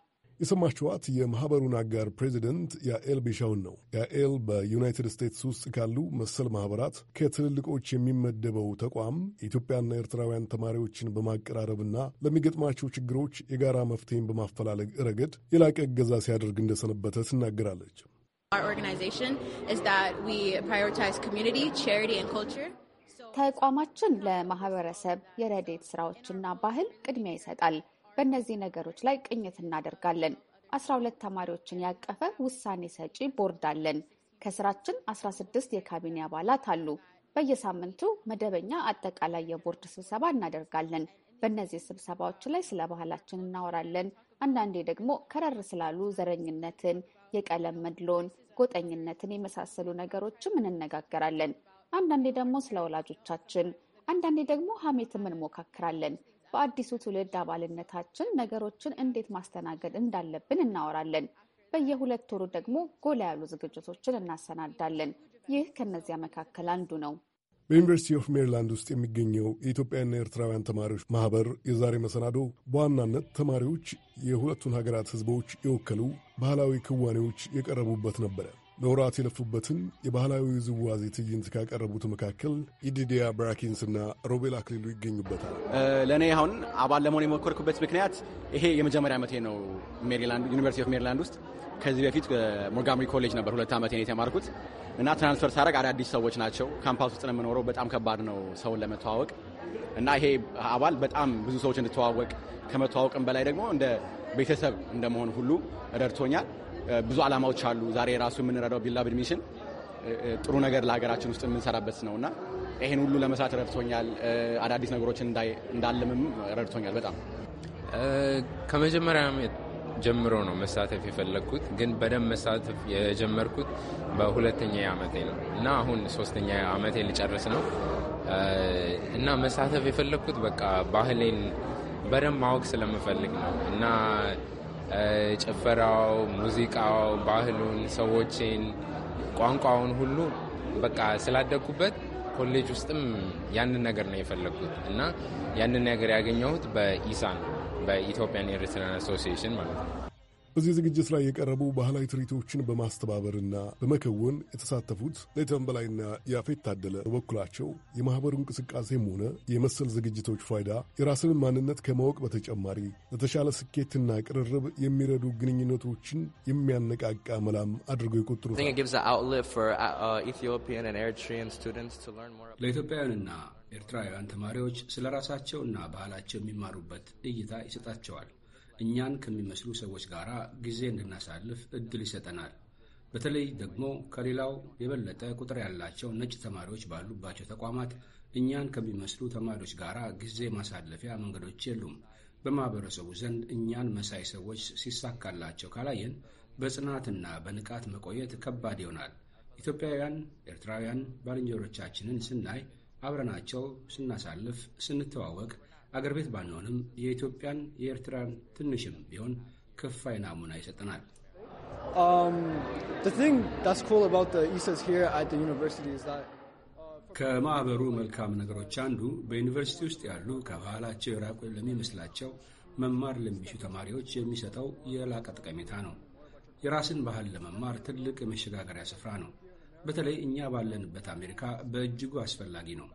የሰማችኋት የማኅበሩን አጋር ፕሬዚደንት ያኤል ቢሻውን ነው። ያኤል በዩናይትድ ስቴትስ ውስጥ ካሉ መሰል ማኅበራት ከትልልቆች የሚመደበው ተቋም የኢትዮጵያና ኤርትራውያን ተማሪዎችን በማቀራረብና ለሚገጥማቸው ችግሮች የጋራ መፍትሄን በማፈላለግ ረገድ የላቀ እገዛ ሲያደርግ እንደሰነበተ ትናገራለች። ተቋማችን ለማህበረሰብ የረዴት ስራዎችና ባህል ቅድሚያ ይሰጣል። በእነዚህ ነገሮች ላይ ቅኝት እናደርጋለን። አስራ ሁለት ተማሪዎችን ያቀፈ ውሳኔ ሰጪ ቦርድ አለን። ከስራችን 16 የካቢኔ አባላት አሉ። በየሳምንቱ መደበኛ አጠቃላይ የቦርድ ስብሰባ እናደርጋለን። በእነዚህ ስብሰባዎች ላይ ስለ ባህላችን እናወራለን። አንዳንዴ ደግሞ ከረር ስላሉ ዘረኝነትን፣ የቀለም መድሎን፣ ጎጠኝነትን የመሳሰሉ ነገሮችም እንነጋገራለን። አንዳንዴ ደግሞ ስለ ወላጆቻችን፣ አንዳንዴ ደግሞ ሀሜትም እንሞካክራለን። በአዲሱ ትውልድ አባልነታችን ነገሮችን እንዴት ማስተናገድ እንዳለብን እናወራለን። በየሁለት ወሩ ደግሞ ጎላ ያሉ ዝግጅቶችን እናሰናዳለን። ይህ ከነዚያ መካከል አንዱ ነው። በዩኒቨርሲቲ ኦፍ ሜሪላንድ ውስጥ የሚገኘው የኢትዮጵያና ኤርትራውያን ተማሪዎች ማህበር የዛሬ መሰናዶ በዋናነት ተማሪዎች የሁለቱን ሀገራት ሕዝቦች የወከሉ ባህላዊ ክዋኔዎች የቀረቡበት ነበረ። ለወራት የለፉበትን የባህላዊ ውዝዋዜ ትዕይንት ካቀረቡት መካከል ኢዲዲያ ብራኪንስና ሮቤል አክሊሉ ይገኙበታል። ለእኔ አሁን አባል ለመሆን የሞከርኩበት ምክንያት ይሄ የመጀመሪያ ዓመቴ ነው። ዩኒቨርሲቲ ኦፍ ሜሪላንድ ውስጥ ከዚህ በፊት ሞርጋምሪ ኮሌጅ ነበር ሁለት ዓመቴ ነው የተማርኩት እና ትራንስፈር ሳደርግ አዳዲስ ሰዎች ናቸው። ካምፓስ ውስጥ ነው የምኖረው። በጣም ከባድ ነው ሰውን ለመተዋወቅ እና ይሄ አባል በጣም ብዙ ሰዎች እንድተዋወቅ ከመተዋወቅም በላይ ደግሞ እንደ ቤተሰብ እንደመሆን ሁሉ ረድቶኛል። ብዙ ዓላማዎች አሉ። ዛሬ ራሱ የምንረዳው ቢላ ብድሚሽን ሚሽን ጥሩ ነገር ለሀገራችን ውስጥ የምንሰራበት ነው እና ይህን ሁሉ ለመስራት ረድቶኛል። አዳዲስ ነገሮችን እንዳለምም ረድቶኛል። በጣም ከመጀመሪያ ጀምሮ ነው መሳተፍ የፈለግኩት፣ ግን በደንብ መሳተፍ የጀመርኩት በሁለተኛ ዓመቴ ነው እና አሁን ሶስተኛ ዓመቴ ልጨርስ ነው እና መሳተፍ የፈለግኩት በቃ ባህሌን በደንብ ማወቅ ስለምፈልግ ነው እና ጭፈራው፣ ሙዚቃው፣ ባህሉን፣ ሰዎችን፣ ቋንቋውን ሁሉ በቃ ስላደግኩበት ኮሌጅ ውስጥም ያንን ነገር ነው የፈለግኩት እና ያንን ነገር ያገኘሁት በኢሳን በኢትዮጵያን ኤርትራን አሶሲዬሽን ማለት ነው። በዚህ ዝግጅት ላይ የቀረቡ ባህላዊ ትርኢቶችን በማስተባበርና በመከወን የተሳተፉት ሌተን በላይና ያፌት ታደለ በበኩላቸው የማኅበሩ እንቅስቃሴም ሆነ የመሰል ዝግጅቶች ፋይዳ የራስን ማንነት ከማወቅ በተጨማሪ ለተሻለ ስኬትና ቅርርብ የሚረዱ ግንኙነቶችን የሚያነቃቃ መላም አድርገው ይቆጥሩታል። uh, uh, ለኢትዮጵያውያንና ኤርትራውያን ተማሪዎች ስለ ራሳቸውና ባህላቸው የሚማሩበት እይታ ይሰጣቸዋል። እኛን ከሚመስሉ ሰዎች ጋር ጊዜ እንድናሳልፍ እድል ይሰጠናል። በተለይ ደግሞ ከሌላው የበለጠ ቁጥር ያላቸው ነጭ ተማሪዎች ባሉባቸው ተቋማት እኛን ከሚመስሉ ተማሪዎች ጋር ጊዜ ማሳለፊያ መንገዶች የሉም። በማህበረሰቡ ዘንድ እኛን መሳይ ሰዎች ሲሳካላቸው ካላየን በጽናትና በንቃት መቆየት ከባድ ይሆናል። ኢትዮጵያውያን፣ ኤርትራውያን ባልንጀሮቻችንን ስናይ አብረናቸው ስናሳልፍ ስንተዋወቅ አገር ቤት ባንሆንም የኢትዮጵያን የኤርትራን ትንሽም ቢሆን ክፋይ ናሙና ይሰጠናል። um, e e uh, ከማኅበሩ መልካም ነገሮች አንዱ በዩኒቨርሲቲ ውስጥ ያሉ ከባህላቸው የራቁ ለሚመስላቸው መማር ለሚሹ ተማሪዎች የሚሰጠው የላቀ ጠቀሜታ ነው። የራስን ባህል ለመማር ትልቅ የመሸጋገሪያ ስፍራ ነው። በተለይ እኛ ባለንበት አሜሪካ በእጅጉ አስፈላጊ ነው።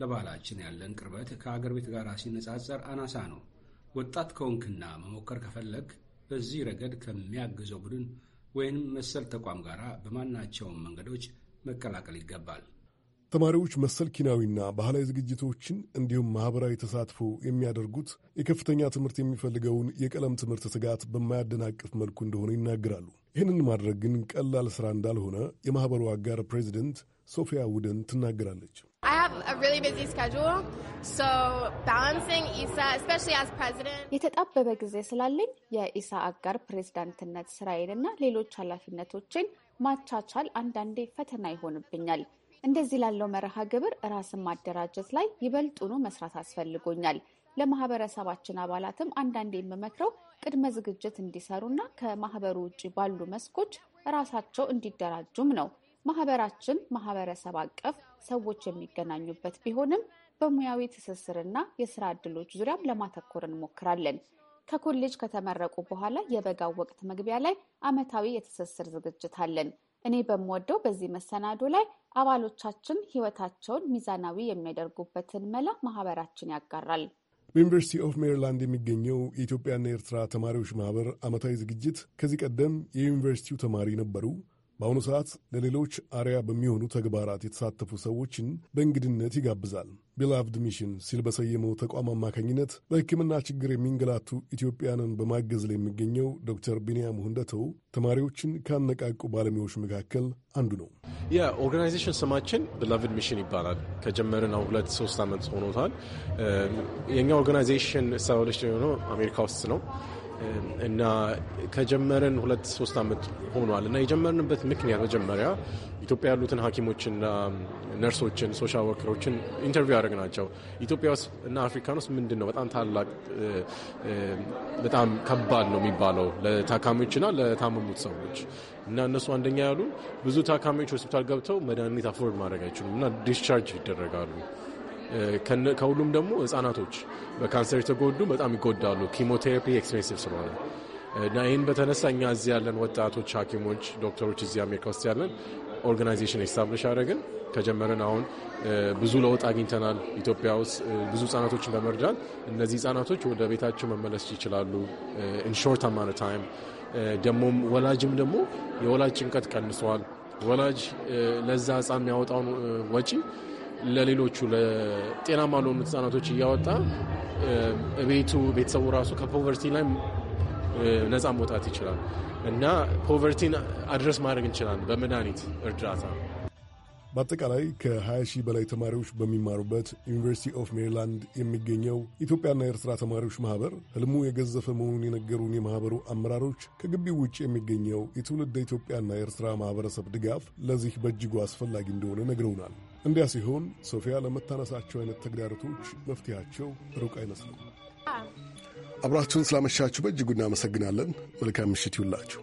ለባህላችን ያለን ቅርበት ከአገር ቤት ጋር ሲነጻጸር አናሳ ነው። ወጣት ከሆንክና መሞከር ከፈለግ በዚህ ረገድ ከሚያግዘው ቡድን ወይም መሰል ተቋም ጋር በማናቸውም መንገዶች መቀላቀል ይገባል። ተማሪዎች መሰል ኪናዊና ባህላዊ ዝግጅቶችን እንዲሁም ማኅበራዊ ተሳትፎ የሚያደርጉት የከፍተኛ ትምህርት የሚፈልገውን የቀለም ትምህርት ትጋት በማያደናቅፍ መልኩ እንደሆነ ይናገራሉ። ይህንን ማድረግ ግን ቀላል ስራ እንዳልሆነ የማኅበሩ አጋር ፕሬዚደንት ሶፊያ ውደን ትናገራለች። የተጣበበ ጊዜ ስላለኝ የኢሳ አጋር ፕሬዚዳንትነት ስራዬንና ሌሎች ኃላፊነቶችን ማቻቻል አንዳንዴ ፈተና ይሆንብኛል። እንደዚህ ላለው መርሃ ግብር ራስን ማደራጀት ላይ ይበልጡኑ መስራት አስፈልጎኛል። ለማህበረሰባችን አባላትም አንዳንዴ የምመክረው ቅድመ ዝግጅት እንዲሰሩና ከማህበሩ ውጭ ባሉ መስኮች ራሳቸው እንዲደራጁም ነው። ማህበራችን ማህበረሰብ አቀፍ ሰዎች የሚገናኙበት ቢሆንም በሙያዊ ትስስርና የስራ ዕድሎች ዙሪያም ለማተኮር እንሞክራለን። ከኮሌጅ ከተመረቁ በኋላ የበጋው ወቅት መግቢያ ላይ አመታዊ የትስስር ዝግጅት አለን። እኔ በምወደው በዚህ መሰናዶ ላይ አባሎቻችን ህይወታቸውን ሚዛናዊ የሚያደርጉበትን መላ ማህበራችን ያጋራል። በዩኒቨርሲቲ ኦፍ ሜሪላንድ የሚገኘው የኢትዮጵያና የኤርትራ ተማሪዎች ማህበር ዓመታዊ ዝግጅት ከዚህ ቀደም የዩኒቨርሲቲው ተማሪ ነበሩ፣ በአሁኑ ሰዓት ለሌሎች አርያ በሚሆኑ ተግባራት የተሳተፉ ሰዎችን በእንግድነት ይጋብዛል። ቢላቭድ ሚሽን ሲል በሰየመው ተቋም አማካኝነት በሕክምና ችግር የሚንገላቱ ኢትዮጵያንን በማገዝ ላይ የሚገኘው ዶክተር ቢንያም ሁንደተው ተማሪዎችን ካነቃቁ ባለሙያዎች መካከል አንዱ ነው። የኦርጋናይዜሽን ስማችን ቤላቭድ ሚሽን ይባላል። ከጀመርን አሁን ሁለት ሶስት ዓመት ሆኖታል። የእኛ ኦርጋናይዜሽን ሰራዎች የሆነው አሜሪካ ውስጥ ነው። እና ከጀመረን ሁለት ሶስት ዓመት ሆኗል እና የጀመርንበት ምክንያት መጀመሪያ ኢትዮጵያ ያሉትን ሐኪሞችና ነርሶችን ሶሻል ወርከሮችን ኢንተርቪው ናቸው። ኢትዮጵያ ውስጥ እና አፍሪካን ውስጥ ምንድን ነው በጣም ታላቅ በጣም ከባድ ነው የሚባለው ለታካሚዎችና ለታመሙት ሰዎች እና እነሱ አንደኛ ያሉ ብዙ ታካሚዎች ሆስፒታል ገብተው መድኃኒት አፎርድ ማድረግ አይችሉም እና ዲስቻርጅ ይደረጋሉ። ከሁሉም ደግሞ ህጻናቶች በካንሰር የተጎዱ በጣም ይጎዳሉ፣ ኪሞቴራፒ ኤክስፔንሲቭ ስለሆነ እና ይህን በተነሳ እኛ እዚህ ያለን ወጣቶች፣ ሐኪሞች፣ ዶክተሮች እዚህ አሜሪካ ውስጥ ያለን ኦርጋናይዜሽን ኤስታብሊሽ አደረግን። ከጀመረን አሁን ብዙ ለውጥ አግኝተናል። ኢትዮጵያ ውስጥ ብዙ ህጻናቶችን በመርዳት እነዚህ ህጻናቶች ወደ ቤታቸው መመለስ ይችላሉ ኢንሾርት አማነ ታይም ደግሞም ወላጅም ደግሞ የወላጅ ጭንቀት ቀንሰዋል። ወላጅ ለዛ ህጻን የሚያወጣውን ወጪ ለሌሎቹ ለጤናማ ለሆኑ ህጻናቶች እያወጣ ቤቱ ቤተሰቡ ራሱ ከፖቨርቲ ላይ ነጻ መውጣት ይችላል እና ፖቨርቲን አድረስ ማድረግ እንችላለን በመድኃኒት እርዳታ። በአጠቃላይ ከ20 ሺህ በላይ ተማሪዎች በሚማሩበት ዩኒቨርሲቲ ኦፍ ሜሪላንድ የሚገኘው ኢትዮጵያና ኤርትራ ተማሪዎች ማህበር ህልሙ የገዘፈ መሆኑን የነገሩን የማህበሩ አመራሮች ከግቢው ውጭ የሚገኘው የትውልድ ኢትዮጵያና ኤርትራ ማህበረሰብ ድጋፍ ለዚህ በእጅጉ አስፈላጊ እንደሆነ ነግረውናል። እንዲያ ሲሆን ሶፊያ ለመታነሳቸው አይነት ተግዳሮቶች መፍትሄያቸው ሩቅ አይመስልም። አብራችሁን ስላመሻችሁ በእጅጉ እናመሰግናለን። መልካም ምሽት ይውላችሁ።